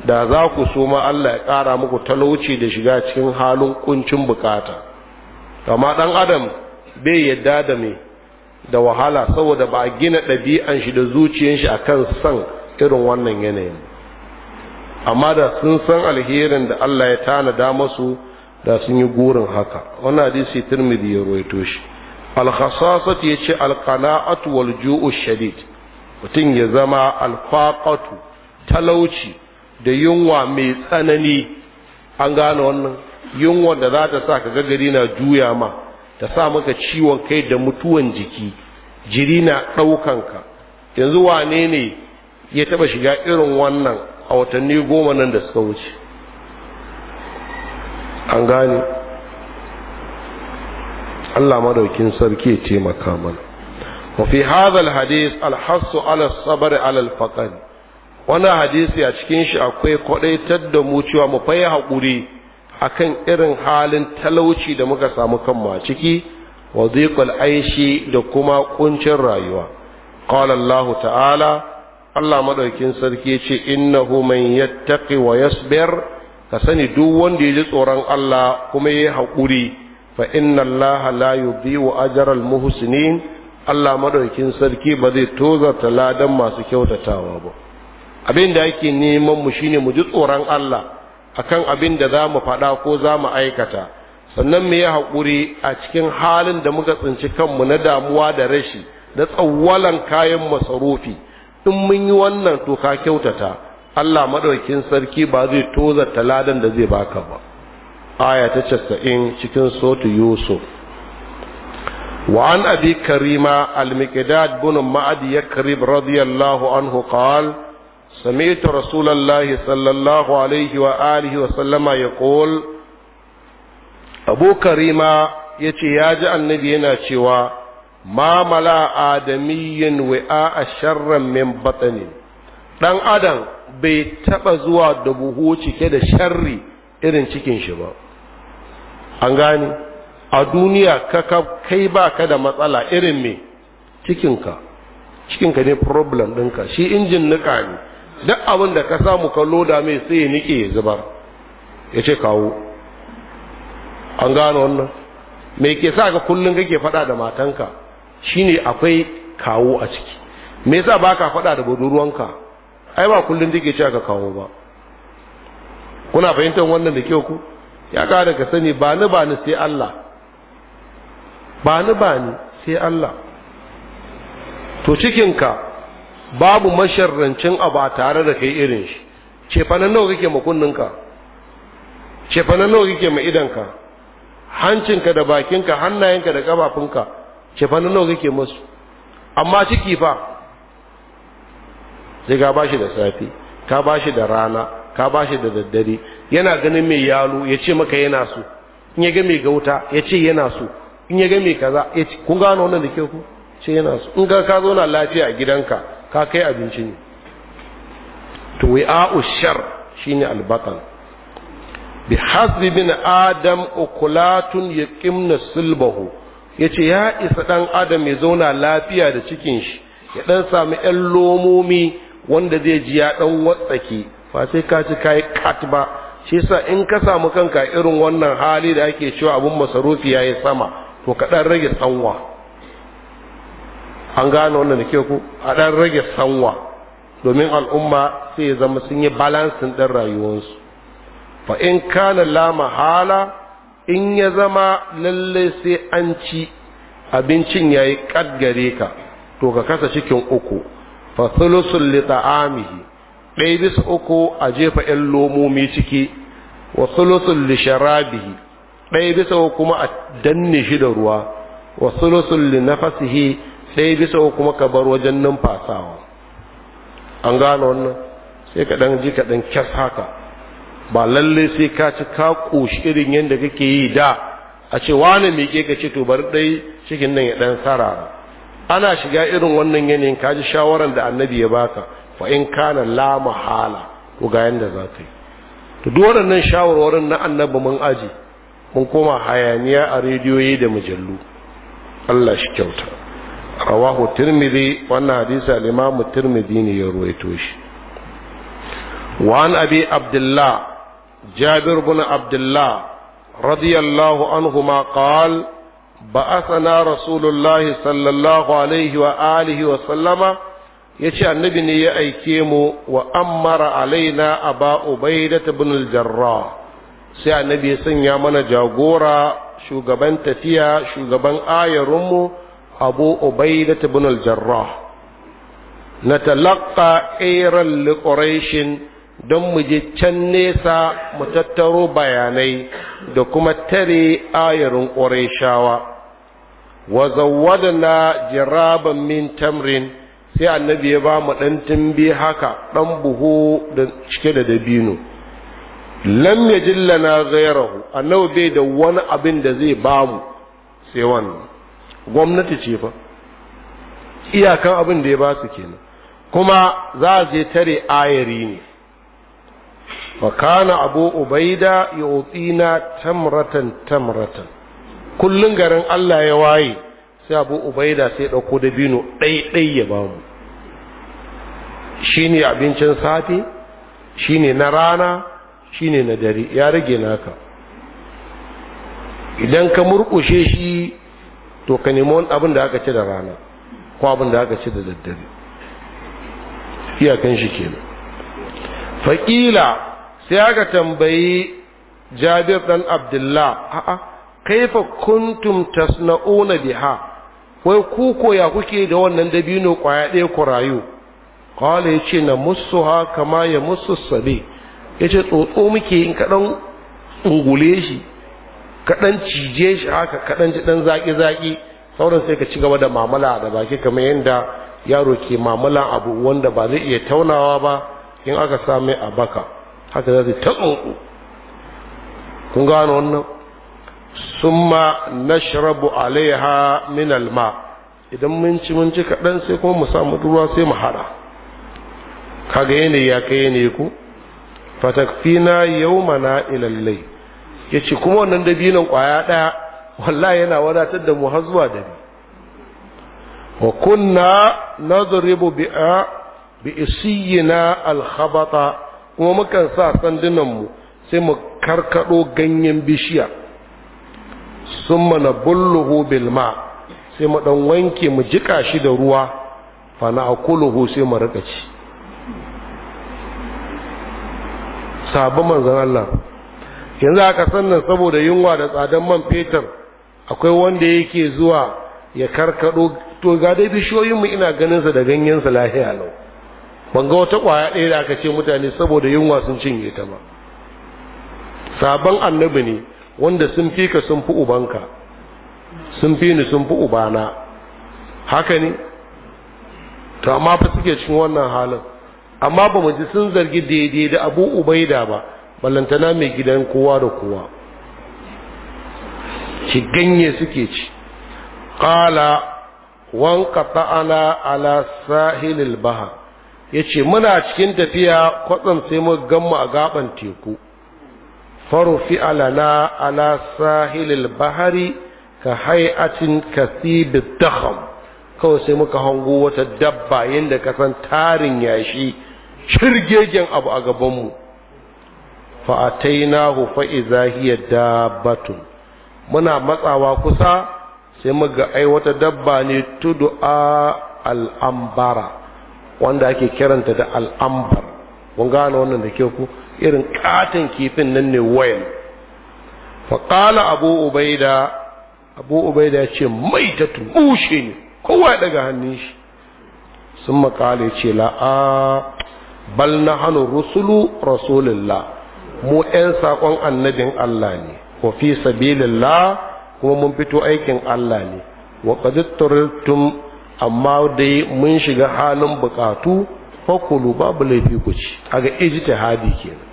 da za ku so ma Allah ya ƙara muku talauci da shiga cikin halin kuncin bukata amma ɗan adam bai yadda da me da wahala saboda ba a gina ɗabi'an shi da zuciyan shi akan san irin wannan yanayin amma da sun san alherin da Allah ya tanada masu da sun yi gurin haka wannan hadisi tirmidhi ya rawaito shi al ya yace al-qana'atu wal ju'u shadid mutum ya zama al-faqatu talauci da yunwa mai tsanani an gane wannan yunwa da za ta sa ka gari na juya ma ta sa maka ciwon kai da mutuwan jiki jiri na ɗaukanka yanzu wane ne ya taɓa shiga irin wannan a watanni goma nan da suka wuce an gane Allah madaukin sarki ya taimaka mana وفي هذا الحديث الحص على الصبر على الفقر wani hadisi a cikin shi akwai kwadaitar da mu cewa mu fayi haƙuri akan irin halin talauci da muka samu mu a ciki wa dhiqal aishi da kuma kuncin rayuwa qala Allah ta'ala Allah madaukin sarki ce innahu man yattaqi wa yasbir ka sani duk wanda ya ji tsoron Allah kuma yayi haƙuri fa inna Allah la yudhi'u ajra al muhsinin Allah madaukin sarki ba zai tozarta ladan masu kyautatawa ba abin da yake neman mu shine mu ji tsoron Allah akan abin da za mu faɗa ko za mu aikata sannan mu yi haƙuri a cikin halin da muka tsinci kanmu na damuwa da rashi da tsawwalan kayan masarufi in mun yi wannan to ka kyautata Allah madaukin sarki ba zai toza taladan da zai baka ba aya ta casa'in cikin sotu yusuf وعن أبي Karima المقداد بن معد يكرب رضي الله عنه قال سمعت رسول الله صلى ya عليه وآله وسلم يقول أبو كريمة يتي ياجع النبي ناتشوا ما ملا آدمي وعاء شرا من بطنه ɗan adam bai taɓa zuwa da buhu cike da sharri irin cikin shi ba an gane a duniya ka kai ba ka da matsala irin me cikinka cikinka ne problem ɗinka shi injin nika ne duk abin da ka samu ka loda mai sai ya nike ya zubar ya ce kawo an gano wannan me ke sa ka kullum kake faɗa da matanka shine akwai kawo a ciki me yasa baka faɗa da budurwanka ai ba kullum take cewa ka kawo ba kuna fahimtar wannan da kyau ku ya kada ka sani ba ni ba ni sai Allah ba ni ba ni sai Allah to cikinka babu masharrancin abu a tare da kai irin shi cefanen nawa kake ma ce cefanen nawa kake ma idanka hancinka da bakinka hannayenka da kafafunka cefanen nawa kake musu amma ciki fa sai ka bashi da safi ka bashi da rana ka bashi da daddare yana ganin mai yalo ya ce maka yana so in ya ga mai gauta ya ce yana so in ya ga mai kaza ya ce kun gano wannan da ke ku ce yana so in ga ka zo na lafiya a gidanka ka kai abinci ne to wi'a'u shar shine albatan bi hasbi bin adam ukulatun yaqimna sulbahu yace ya isa dan adam ya zauna lafiya da cikin shi ya dan samu yan lomomi wanda zai ji ya dan watsake fa sai ka ci kai kat ba shi yasa in ka samu kanka irin wannan hali da ake cewa abun masarufi yayi sama to ka dan rage tsanwa an gane wannan da ke ku a ɗan rage sanwa domin al'umma sai ya zama sun yi balansin ɗan rayuwarsu fa in kana lama hala in ya zama lalle sai an ci abincin yayi kaddare ka to ka kasa cikin uku fa thulusul li ta'amihi dai bisa uku a jefa ɗan lomomi ciki wa thulusul li sharabihi dai bisa uku kuma a danne shi da ruwa wa thulusul li nafasihi ɗaya bisa kuma ka bar wajen numfasawa an gano wannan sai ka ɗan ji ka ɗan kyas haka ba lalle sai ka ci ka ƙoshi irin yadda kake yi da a ce wani miƙe ka ce to bar dai cikin nan ya ɗan sarara ana shiga irin wannan yanayin ka ji shawaran da annabi ya baka fa in kana la mahala to ga yanda za ka yi to duk waɗannan shawarwarin na annabi mun aji mun koma hayaniya a rediyoyi da mujallu Allah shi kyauta رواه الترمذي وان حديث الامام الترمذي يرويتوش وعن ابي عبد الله جابر بن عبد الله رضي الله عنهما قال بعثنا رسول الله صلى الله عليه واله وسلم يشاء النبي ني ايكيمو وامر علينا ابا عبيده بن الجراح سي النبي سن يا منا جاغورا شوغبان تفيا شوغبان ايرومو abu ubaidat ibn al-jarrah na talaƙa ƙeran liƙorashin don mu can nesa mu tattaro bayanai da kuma tare ayarin ƙorashawa na zawadana jiraban min tamrin sai annabi ya bamu mu ɗan tumbi haka ɗan buhu da cike da dabino lam ya jillana gairahu annabi bai da wani abin da zai bamu mu gwamnati ce fa iyakan abin da ya ba su kenan kuma za a je tare ayari ne fakana abu ubaida ya tamratan tamratan kullum garin allah ya waye sai abu ubaida sai ɗauko da bino ɗaiɗai ya ba mu shi ne abincin safe shi ne na rana shi ne na dare ya rage naka idan ka murƙushe shi to ka nemi abin da aka ci da rana ko abin da aka ci da daddare iyakan shi kenan faƙila sai aka tambayi jabir ɗan abdullah a'a kaifa kuntum tasna'una biha wai ku koya kuke da wannan dabino kwaya ɗaya ku rayu ya ce na musu ha kama ya musu sabi ce tsotso muke in kaɗan ungule shi kaɗan cije shi haka kaɗan ji ɗan zaƙi-zaƙi sauran sai ka ci gaba da mamala da baki kamar yadda yaro ke mamala abu wanda ba zai iya taunawa ba in aka same a baka haka za su ta tsotso kun gano wannan summa nashrabu alaiha min alma idan mun ci mun ci kaɗan sai kuma mu samu ruwa sai mu haɗa kaga yanayi ya kai yanayi ku fatakfina yawmana na ilallai. ya ce kuma wannan dabinan kwaya ɗaya wallahi yana wadatar da mu har zuwa dabi wa kunna nadribu bi'a bi isiyina alkhabata kuma mukan sa sandunan mu sai mu karkado ganyen bishiya summa nabulluhu bil ma sai mu dan wanke mu jika shi da ruwa fa na akuluhu sai mu rika ci sabon manzon Allah yanzu aka sannan nan saboda yunwa da tsadan man fetur akwai wanda yake zuwa ya karkaɗo to ga dai bishiyoyinmu ina ganinsa da ganyensa lahiya lau ban ga wata kwaya ɗaya da aka ce mutane saboda yunwa sun cinye ta ba sabon annabi ne wanda sun fi sun fi ubanka sun fi ni sun fi ubana haka ne to amma fa suke cikin wannan halin amma ba mu ji sun zargi daidai da abu ubaida ba ballantana mai gidan kowa da kowa Ki ganye suke ci ƙala wanka ta'ala ala sahilil baha ya ce muna cikin tafiya kwatsam sai mu gamma a gaban teku fi alana ala sahilil bahari ka hai'atin da daham kawai sai muka hango wata dabba yadda kasan tarin yashi shirgegen abu a gabanmu fa'atainahu fa idza hiya dabbatun muna matsawa kusa sai muga ai wata dabba ne a al'ambara wanda ake kiranta da al'ambar kun gane wannan da ke ku irin katon kifin nan ne wayan faƙala abu ubaida abu ubaida ya ce mai ta tushe ne kowa ya daga hannun shi sun makale ya ce la'a bal na hannu rusulu rasulillah. mu 'yan saƙon annabin Allah ne wa fi sabilillah kuma mun fito aikin Allah ne wa qadittum amma dai mun shiga halin bukatu fakulu babu laifi ku ci aga hadi kenan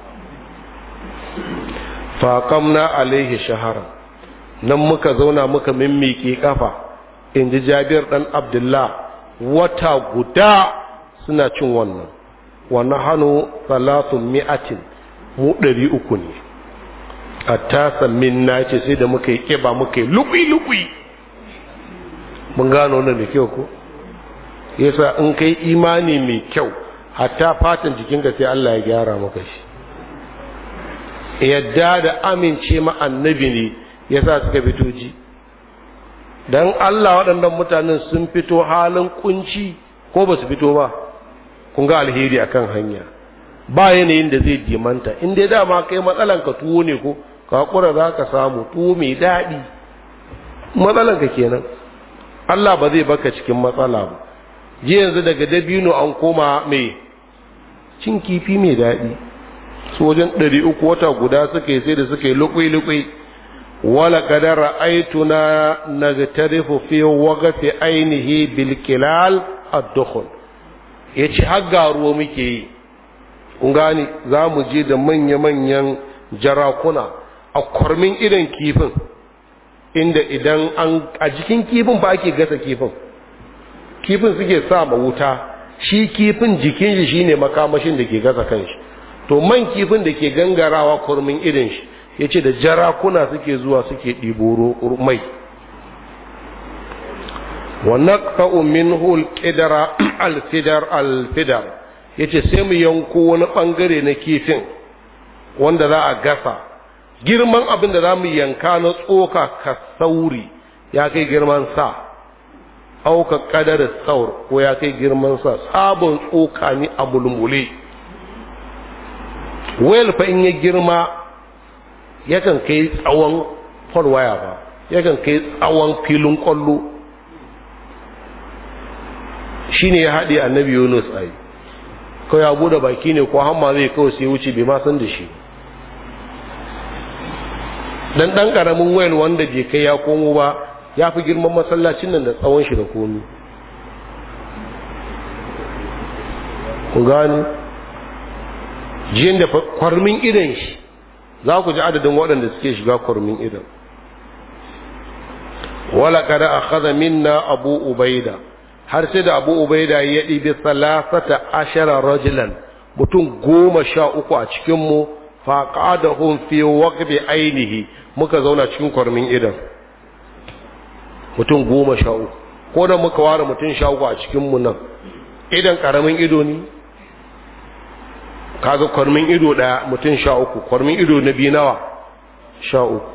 fa qamna alaihi shahara nan muka zauna muka mimmike kafa ji Jabir dan Abdullah wata guda suna cin wannan wa nahanu salatun mi'atin mu ɗari uku ne a tasan minna ce sai da muka yi ƙiba muka yi lukwi-lukwi mun gano wannan da kyau ko yasa in kai imani mai kyau hatta fatan jikinka sai Allah ya gyara maka shi yadda da amince ma annabi ne yasa suka fito ji don Allah waɗannan mutanen sun fito halin kunci ko ba su fito ba kun ga alheri akan hanya ba yanayin da zai dimanta in dai dama kai matsalan ka tuwo ne ko ka hakura za ka samu tuwo mai daɗi matsalan kenan Allah ba zai baka cikin matsala ba ji yanzu daga dabino an koma mai cin kifi mai daɗi su wajen ɗari uku wata guda suka yi sai da suka yi lukwai-lukwai wala kadar aituna na tarifu fi wagafi ainihi bilkilal ad-dukhul ya ci har garuwa muke yi kun gane za mu je da manya-manyan jarakuna a kwarmin idan kifin inda idan an a jikin kifin ba ake gasa kifin kifin suke sa ma wuta shi kifin jikin shi shine makamashin da ke gasa kanshi to man kifin da ke gangarawa kurmin irin shi ya ce da jarakuna suke zuwa suke ɗibo mai wa naqta'u minhu alfidar alfidar. al Ya ce sai mu yanko wani ɓangare na kifin wanda za a gasa girman abin da za mu yanka na tsoka ka sauri ya kai girman sa auka kadar saur ko ya kai girman sa sabon tsoka ni a mulmule wayar fa in ya girma yakan kai tsawon farwaya ba yakan kai tsawon filin kwallo shi ne ya haɗe annabi yunus ayi ko ya bude baki ne ko hamma zai kawai sai wuce bai ma san da shi dan dan karamin wayar wanda bai kai ya komo ba ya fi girman masallacin nan da tsawon shi da komi ku gani jiyan da kwarmin idan shi za ku ji adadin waɗanda suke shiga kwarmin idan wala kada a minna abu ubaida har sai da abu ubaida ya ɗibi salasata ashara rajulan mutum goma sha uku a cikinmu faƙadahun fi waqbi ainihi muka zauna cikin kwarmin idan mutum goma sha uku ko da muka ware mutum sha uku a cikinmu nan idan ƙaramin ido ne kaga kwarmin ido ɗaya mutum sha uku kwarmin ido na biyu nawa sha uku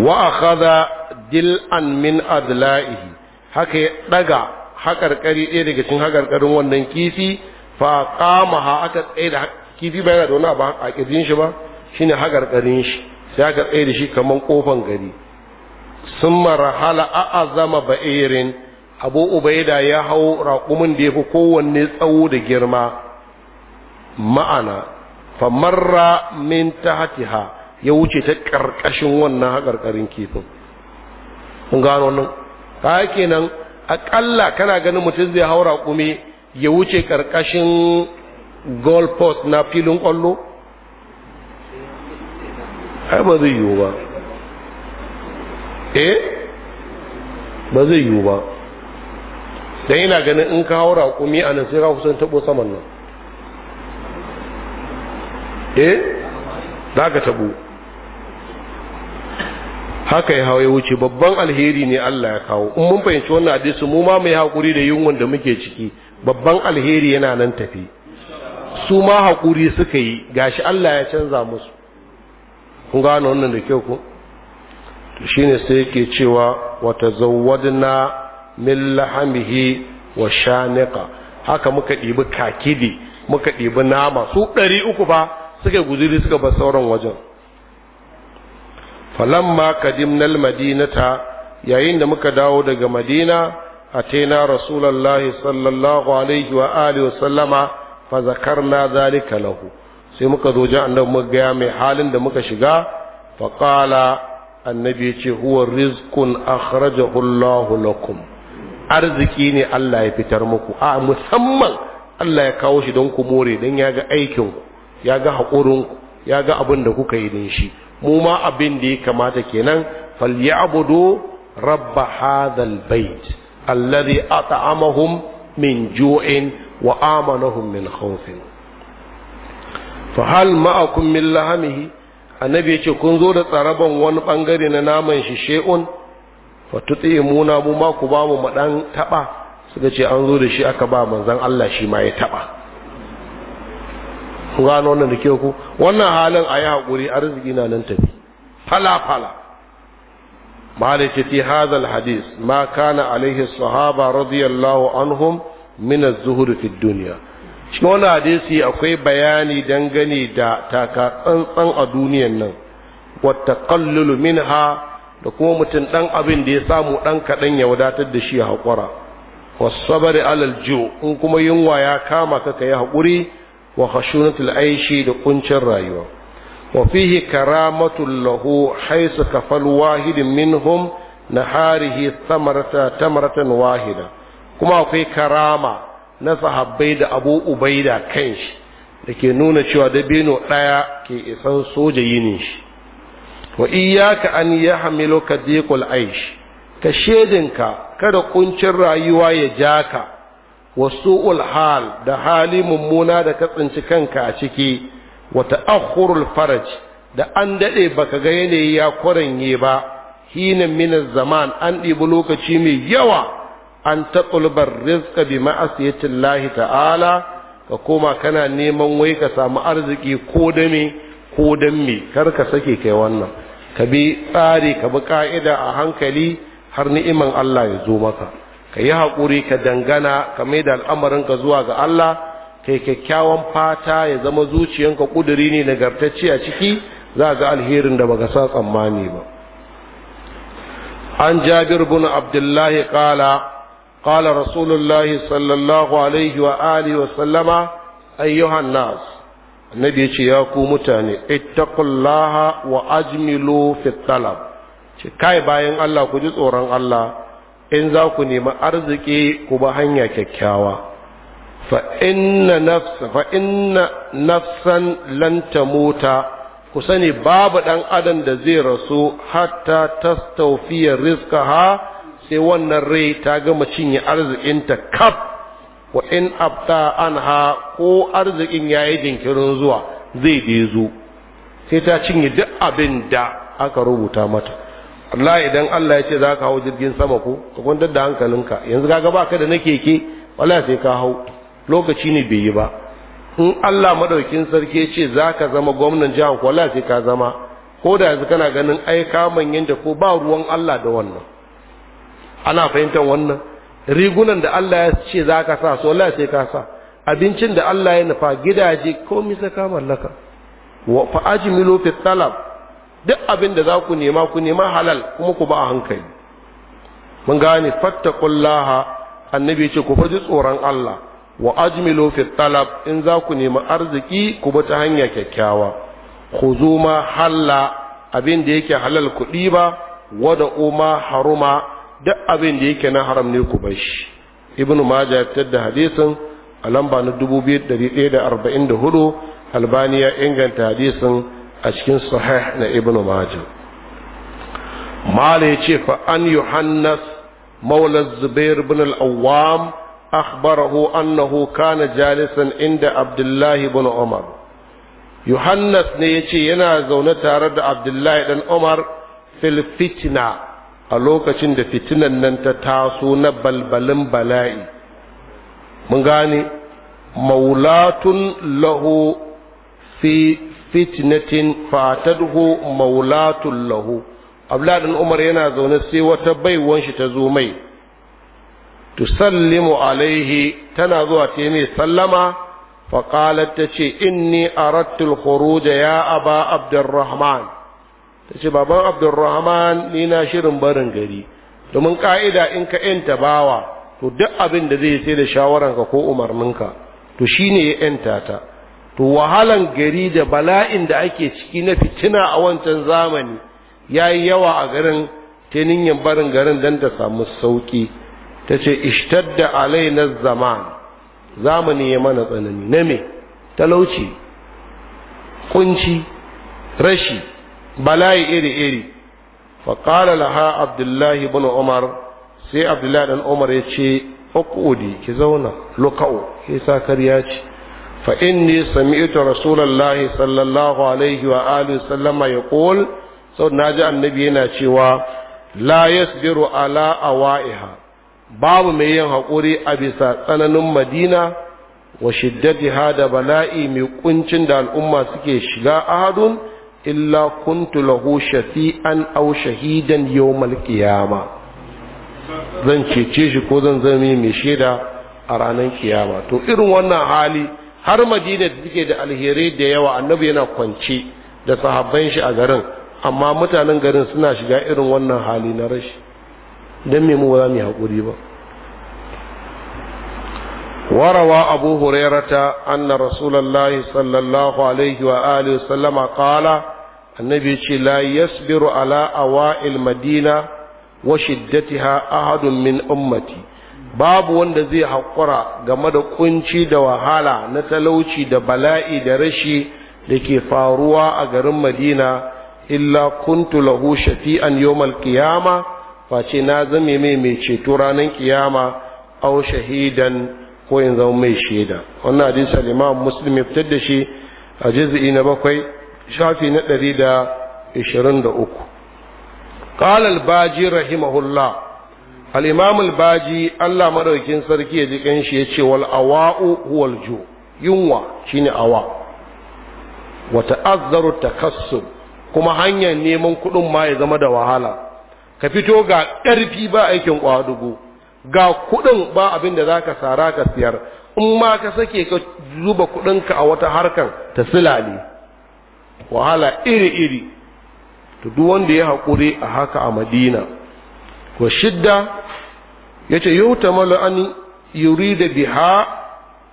wa akhadha dil'an min adla'ihi haka ya daga hakarkari ɗaya daga cikin hakarkarin wannan kifi fa kama ha aka tsaye da kifi ba yana da wani abu a ƙirjin shi ba shine hakarkarin shi sai aka tsaye da shi kaman kofan gari sun marahala a'azama ba'irin abu ubaida ya hau raƙumin da ya fi kowanne tsawo da girma ma'ana fa marra min tahtiha ya wuce ta ƙarƙashin wannan haƙarƙarin kifin kun gano nan ba kenan akalla kana ganin mutum zai haura kume ya wuce karkashin goal post na filin kwallo ai ba zai yiwu ba eh ba zai yiwu ba dan ina ganin in ka haura kumi a nan sai ka kusan tabo saman nan eh za ka tabo haka ya hawa ya wuce babban alheri ne Allah ya kawo in mun fahimci wannan hadisi mu ma mu yi hakuri da yunwan da muke ciki babban alheri yana nan tafi su ma hakuri suka yi gashi Allah ya canza musu kun gano wannan da kyau ko to shine sai yake cewa wa tazawwadna min lahamihi wa shaniqa haka muka ɗibi kakidi muka ɗibi nama su ɗari uku fa suka guduri suka bar sauran wajen falamma qadimnal madinata yayin da muka dawo daga madina taina rasulullahi sallallahu alaihi wa alihi wasallama fa zakarna zalika lahu sai muka zo Jan annabi muka ga mai halin da muka shiga fa qala annabi yace huwa rizqun akhrajahu Allah lakum arziki ne Allah ya fitar muku a musamman Allah ya kawo shi don ku more dan ya ga aikin ku ya ga hakurin ku ya ga abin da kuka yi din shi mu ma abin da ya kamata kenan falyabudu rabba hadhal bait alladhi at'amahum min ju'in wa amanahum min khawf fa hal ma'akum min lahamihi annabi yace kun zo da tsaraban wani bangare na naman shi she'un fa tutimuna mu ma ku ba mu madan taba suka ce an zo da shi aka ba manzon Allah shi ma ya taba ku gano wannan da ke ku wannan halin a yi haƙuri arziki na nan tafi fala-fala malaki fi hadal hadis ma kana alaihi sahaba radiyallahu anhum min az-zuhud fi dunya cikin wannan hadisi akwai bayani dangane da taka tsantsan a duniyan nan wa taqallulu minha da kuma mutum dan abin da ya samu dan kaɗan ya wadatar da shi haƙura was sabri alal ju in kuma yunwa ya kama ka kai haƙuri wa khashunatul aishi da kuncin rayuwa wa fihi karamatul lahu haythu kafal wahidin minhum na harihi tamaratan wahida kuma akwai karama na sahabbai da Abu Ubaida da ke nuna cewa dabino ɗaya ke isan soja yinin shi wa iyaka an yahmiluka diqul aish ka shedinka kada kuncin rayuwa ya jaka wasu'ul hal da hali mummuna da ka tsinci kanka a ciki wa ta'akhurul faraj da an dade baka ga yanayi ya kuranye ba Hinan min zaman an ɗibi lokaci mai yawa an taqulbar rizqa bi ma'asiyati lahi ta'ala ka koma kana neman wai ka samu arziki ko da me ko dan me kar ka sake kai wannan ka bi tsari ka bi ka'ida a hankali har ni'iman Allah ya zo maka ka yi haƙuri ka dangana ka mai da al'amarinka zuwa ga Allah kai kyakkyawan fata ya zama zuciyanka ƙuduri ne nagartacce a ciki za ga alherin da baka sa tsammani ba an jabir bin abdullahi qala qala rasulullahi sallallahu alaihi wa alihi wa sallama ayyuhan nas annabi ya ce ya ku mutane ittaqullaha wa ajmilu fi talab ce kai bayan Allah ku ji tsoron Allah in za ku nemi arziki ku ba hanya kyakkyawa fa inna nafsa fa inna nafsan lan tamuta ku sani babu dan adam da zai rasu hatta tastawfiya rizqaha sai wannan rai ta gama cinye arzikinta kaf wa in abta anha ko arzikin yayi jinkirin zuwa zai dezo sai ta cinye duk abin da aka rubuta mata Allah idan Allah ya ce za ka hau jirgin sama ko ka kwantar da hankalinka yanzu kaga ba ka da na keke wala sai ka hau lokaci ne bai yi ba in Allah madaukin sarki ya ce za ka zama gwamnan jihar ko wala sai ka zama ko da yanzu kana ganin ai ka manyan da ko ba ruwan Allah da wannan ana fahimtar wannan rigunan da Allah ya ce za ka sa so wala sai ka sa abincin da Allah ya nufa gidaje komai sai ka mallaka wa fa ajmilu talab duk abin da za ku nema ku nema halal kuma ku ba a hankali mun gane fattaqullaha annabi ce ku faji tsoron Allah wa ajmilu fi talab in za ku nemi arziki ku bi ta hanya kyakkyawa khuzu ma halla abin da yake halal ku ba wada uma haruma duk abin da yake na haram ne ku bar shi ibnu majah ya fitar hadisin a lamba na 2144 albani ya inganta hadisin a cikin sahih na ibnu majah mala yace fa an yuhannas maula zubair ibn al-awwam akhbarahu annahu kana jalisan inda abdullahi ibn umar yuhannas ne yace yana zaune tare da abdullahi dan umar fil fitna a lokacin da fitinan nan ta taso na balbalin bala'i mun gane maulatun lahu fi fitnatin fatadhu maulatul lahu abladan umar yana zaune sai wata baiwan shi ta zo mai tusallimu alaihi tana zuwa ta mai sallama faƙalar ta ce inni aradtu alkhuruj ya aba abdurrahman ta ce baban abdurrahman ni na shirin barin gari domin ka'ida in ka yanta bawa to duk abin da zai sai da shawararka ko umarninka to shine ya yanta ta to wahalan gari da bala'in da ake ciki na fitina a wancan zamani ya yi yawa a garin tininyan barin garin don ta samu sauƙi ta ce da alai na zaman zamani ya mana tsanani na me talauci kunci rashi bala'i iri-iri faƙalar laha abdullahi bin umar sai abdullahi dan umar ya ce ƙoƙodi ki zauna loka'o ke sa karya ce fa inni sami'tu rasulullahi sallallahu alaihi wa alihi sallama yaqul sau naji annabi yana cewa la biro ala a waiha. babu mai yin haƙuri a bisa tsananin madina wa shiddatiha da bala'i mai ƙuncin da al'umma suke shiga ahadun illa kuntu lahu shafi'an aw shahidan yawmal qiyama zan cece shi ko zan zame mai shaida a ranar kiyama to irin wannan hali har madina da suke da alherai da yawa annabi yana kwance da sahabban shi a garin amma mutanen garin suna shiga irin wannan hali na rashi don me mu za mu haƙuri ba warawa abu hurera ta anna rasulallah sallallahu alaihi wa alihi sallama kala annabi ce la yasbiru ala awa'il madina wa shiddatiha ahadun min ummati babu wanda zai haƙura game da kunci da wahala na talauci da bala'i da rashi da ke faruwa a garin madina illa kuntu lahu shafi'an yawmal qiyama face na zame mai mai ceto ranar kiyama aw shahidan ko in zama mai shaida wannan hadisi al-imam muslim ya fitar da shi a juz'i na bakwai shafi na 123 qala al-baji rahimahullah al al-baji Allah maɗaukin sarki ya ji kanshi yace wal awa'u huwal ju yunwa shine awa wa ta takassub kuma hanyar neman kuɗin ma ya zama da wahala ka fito ga ƙarfi ba aikin kwadugo ga kuɗin ba abin da ka sara ka siyar in ma ka sake ka zuba kuɗinka a wata harkan ta silale wahala iri-iri to duk wanda ya haƙuri a haka a madina ko shidda yace yutamalu an da biha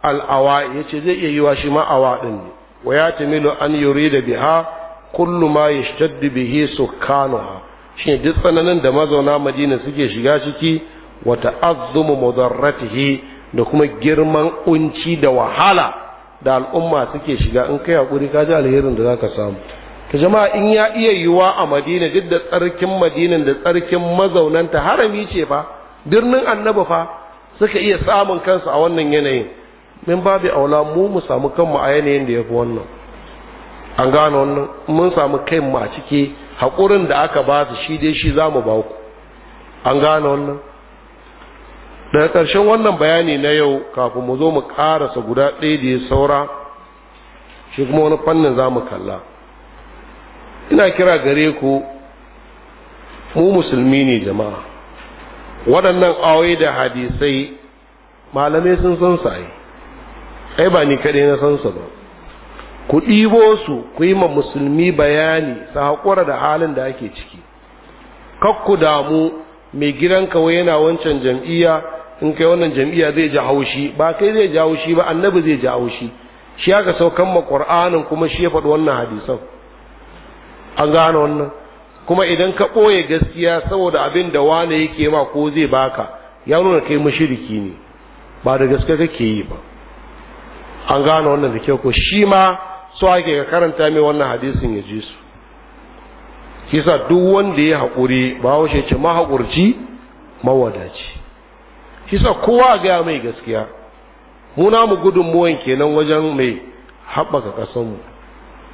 al-awa yace zai iya yiwa shi ma awa din ne wa yatamilu an biha kullu ma yashtaddu bihi sukanuha shine duk tsananin da mazauna Madina suke shiga ciki wa ta'azzumu mudarratihi da kuma girman kunci da wahala da al'umma suke shiga in kai hakuri ka ji alherin da zaka samu ta jama'a in ya iya yiwa a madina duk da tsarkin madinan da tsarkin mazaunanta harami ce fa birnin annaba fa suka iya samun kansu a wannan yanayin min babu aula mu mu samu kanmu a yanayin da ya fi wannan an gane wannan mun samu kanmu a ciki haƙurin da aka ba su shi dai shi za mu ba ku an gane wannan daga ƙarshen wannan bayani na yau kafin mu zo mu ƙarasa guda ɗaya da ya saura shi kuma wani fannin za mu kalla ina kira gare ku mu musulmi ne jama'a waɗannan awai da hadisai malamai sun san su ai ba ni kaɗai na san su ba ku ɗibo su ku yi ma musulmi bayani su haƙura da halin da ake ciki kakku damu mai gidanka wai yana wancan jam'iyya in kai wannan jam'iyya zai ji haushi ba kai zai ji haushi ba annabi zai ji haushi shi aka saukan ma ƙur'anin kuma shi ya faɗi wannan hadisan an gane wannan kuma idan ka ɓoye gaskiya saboda abin da wane yake ma ko zai baka ya nuna kai mashiriki ne ba da gaske kake yi ba an gane wannan da kyau ko shi ma so ake ka karanta mai wannan hadisin ya ji su kisa duk wanda ya haƙuri ba haushe ce haƙurci mawadaci kisa kowa gaya mai gaskiya muna mu gudunmuwan kenan wajen mai haɓaka ƙasanmu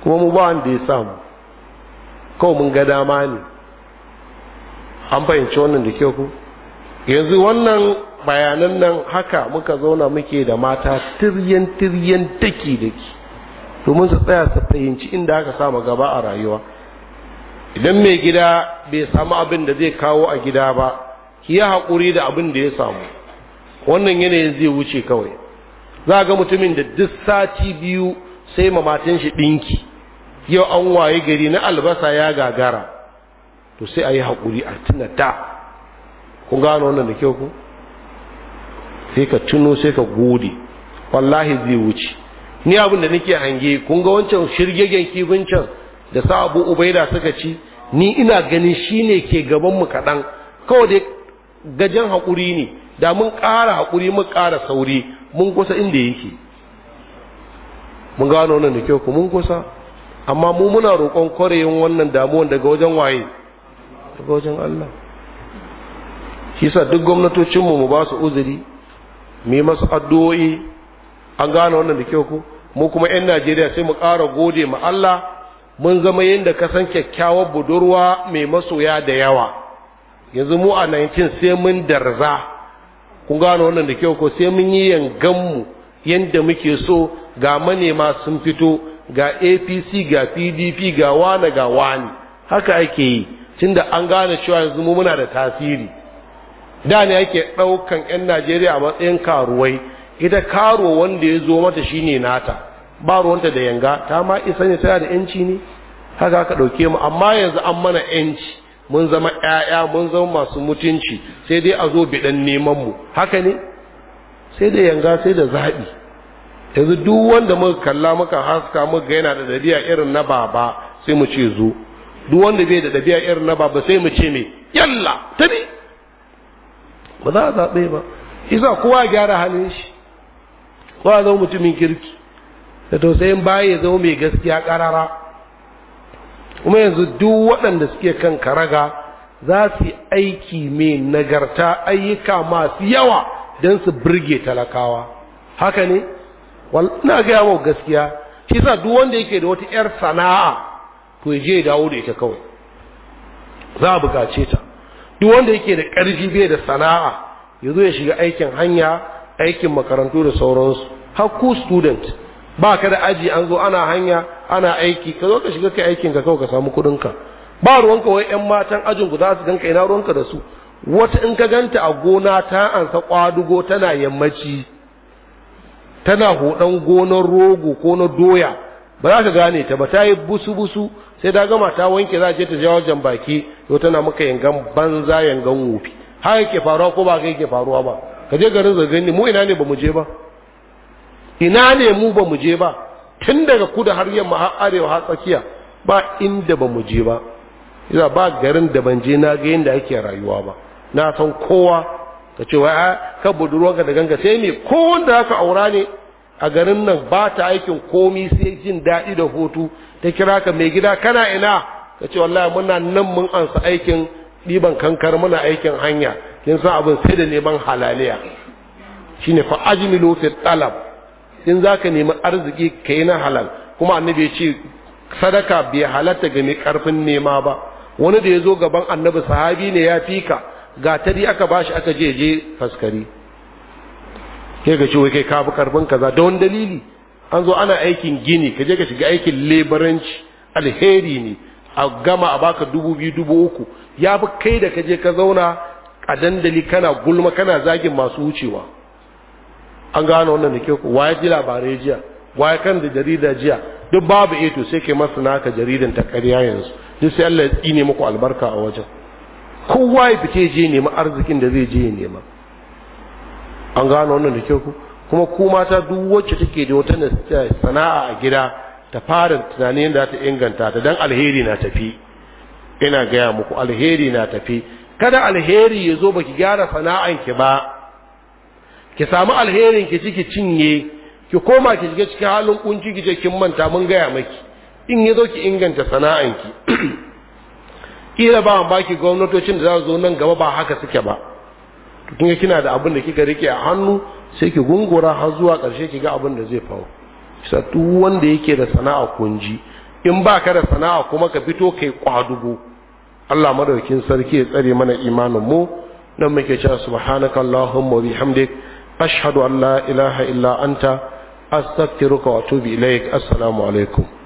kuma mu ba wanda ya samu kawai mun ga dama ne an fahimci wannan da ku yanzu wannan bayanan nan haka muka zauna muke da mata tiryan tiryan daki daki domin su tsaya su fahimci inda aka samu gaba a rayuwa idan mai gida bai samu abin da zai kawo a gida ba ki ya haƙuri da abin da ya samu wannan yanayin zai wuce kawai za ga mutumin da duk sati biyu sai ma matan shi ɗinki yau an waye gari na albasa ya gagara to sai a yi haƙuri a tuna da kun gano wannan da kyau ku sai ka tuno sai ka gode wallahi zai wuce ni abin da nake hange kun ga wancan shirgegen kifin can da sa abu ubaida suka ci ni ina ganin shine ke gaban mu kaɗan kawai dai gajen haƙuri ne da mun ƙara haƙuri mun ƙara sauri mun kusa inda yake mun gano wannan da kyau ku mun kusa amma mu muna roƙon kwareyin wannan damuwan daga wajen waye daga wajen Allah shi sa duk gwamnatocinmu mu ba su uzuri mu yi masu addu'o'i an gane wannan da kyau ku. mu kuma 'yan Najeriya sai mu ƙara gode ma Allah mun zama yadda ka san kyakkyawar budurwa mai masoya da yawa yanzu mu a 19 sai mun darza kun gano wannan da kyau ko sai mun yi yanganmu yadda muke so ga manema sun fito ga apc ga pdp ga wane ga wane haka ake yi tunda an gane cewa yanzu mu muna da tasiri da ne ake ɗaukan 'yan najeriya a matsayin karuwai ita karo wanda ya zo mata shine nata ba ruwanta da yanga ta ma isa ne tana da yanci ne haka aka ɗauke mu amma yanzu an mana yanci mun zama 'ya'ya mun zama masu mutunci sai dai a zo bidan neman mu haka ne sai da yanga sai da zaɓi yanzu duk wanda muka kalla muka haska muka yana da dabi'a irin na baba sai mu ce zo duk wanda bai da dabi'a irin na baba sai mu ce me yalla tabi ba za a zaɓe ba isa kowa gyara halin shi kowa zama mutumin kirki da tausayin baya ya zama mai gaskiya ƙarara kuma yanzu duk waɗanda suke kan karaga za su yi aiki mai nagarta ayyuka masu yawa don su birge talakawa haka ne ina gaya mau gaskiya shi sa duk wanda yake da wata 'yar sana'a to ya je ya dawo da ita kawai za a bukace ta duk wanda yake da ƙarfi bai da sana'a ya zo ya shiga aikin hanya aikin makarantu da sauransu hakku student ba ka da aji an zo ana hanya ana aiki ka zo ka shiga kai aikin ka kawai ka samu kuɗinka ba ruwanka wai 'yan matan ajin ku za su ganka ina ruwanka da su wata in ka ganta a gona ta ansa kwadugo tana yammaci tana hudan gonar rogo ko na doya ba za ka gane ta ba ta yi busu busu sai ta gama ta wanke za a je ta jawo jan baki to tana maka yangan banza yangan wofi haka yake faruwa ko ba ka yake faruwa ba ka je garin zagani mu ina ne ba mu je ba ina ne mu ba mu je ba tun daga kudu har yamma har arewa har tsakiya ba inda ba mu je ba yana ba garin da ban je na ga yadda ake rayuwa ba na san kowa ka ce wa ka budurwa ka da ganga sai me ko wanda aka aura ne a garin nan ba ta aikin komi sai jin daɗi da hutu ta kira ka mai gida kana ina ka ce wallahi muna nan mun ansa aikin ɗiban kankar muna aikin hanya kin san abin sai da neman halaliya shine fa ajmilu fi talab in zaka nemi arziki kai na halal kuma annabi ya ce sadaka bai halatta ga mai karfin nema ba wani da ya zo gaban annabi sahabi ne ya fika gatari aka bashi aka je je faskari kai ga ce wai kai ka karfin kaza da wani dalili an zo ana aikin gini ka je ka shiga aikin lebaranci alheri ne a gama a baka dubu biyu dubu uku ya fi kai da ka je ka zauna a dandali kana gulma kana zagin masu wucewa an gano wannan da ke ku waya ji labarai jiya waya kan da jarida jiya duk babu eto eh sai kai masu naka jaridan ta karya yanzu duk sai Allah ya tsine muku albarka a wajen kowa ya fice je nema arzikin da zai je ya nema an gano wannan da kyau kuma ku mata duk wacce take da wata eh, sana'a a gida ta fara tunanin yadda ta inganta ta dan alheri na tafi ina gaya muku alheri na tafi kada alheri ya zo baki gyara sana'anki ba ki samu alherin ki ciki cinye ki koma ki shiga cikin halin kunci ki je kin manta mun gaya maki in ya zo ki inganta sana'anki [CLEARS THROAT] kila ba baki gwamnatocin da za zo nan gaba ba haka suke ba to kinga kina da abin da kika rike a hannu sai ki gungura har zuwa ƙarshe ki ga abin da zai faru kisa duk wanda yake da sana'a kunji in baka da sana'a kuma ka fito kai kwadugo Allah madaukin sarki ya tsare mana imanin mu dan muke cewa subhanaka allahumma wa bihamdik ashhadu an la ilaha illa anta astaghfiruka wa atubu ilaik assalamu alaikum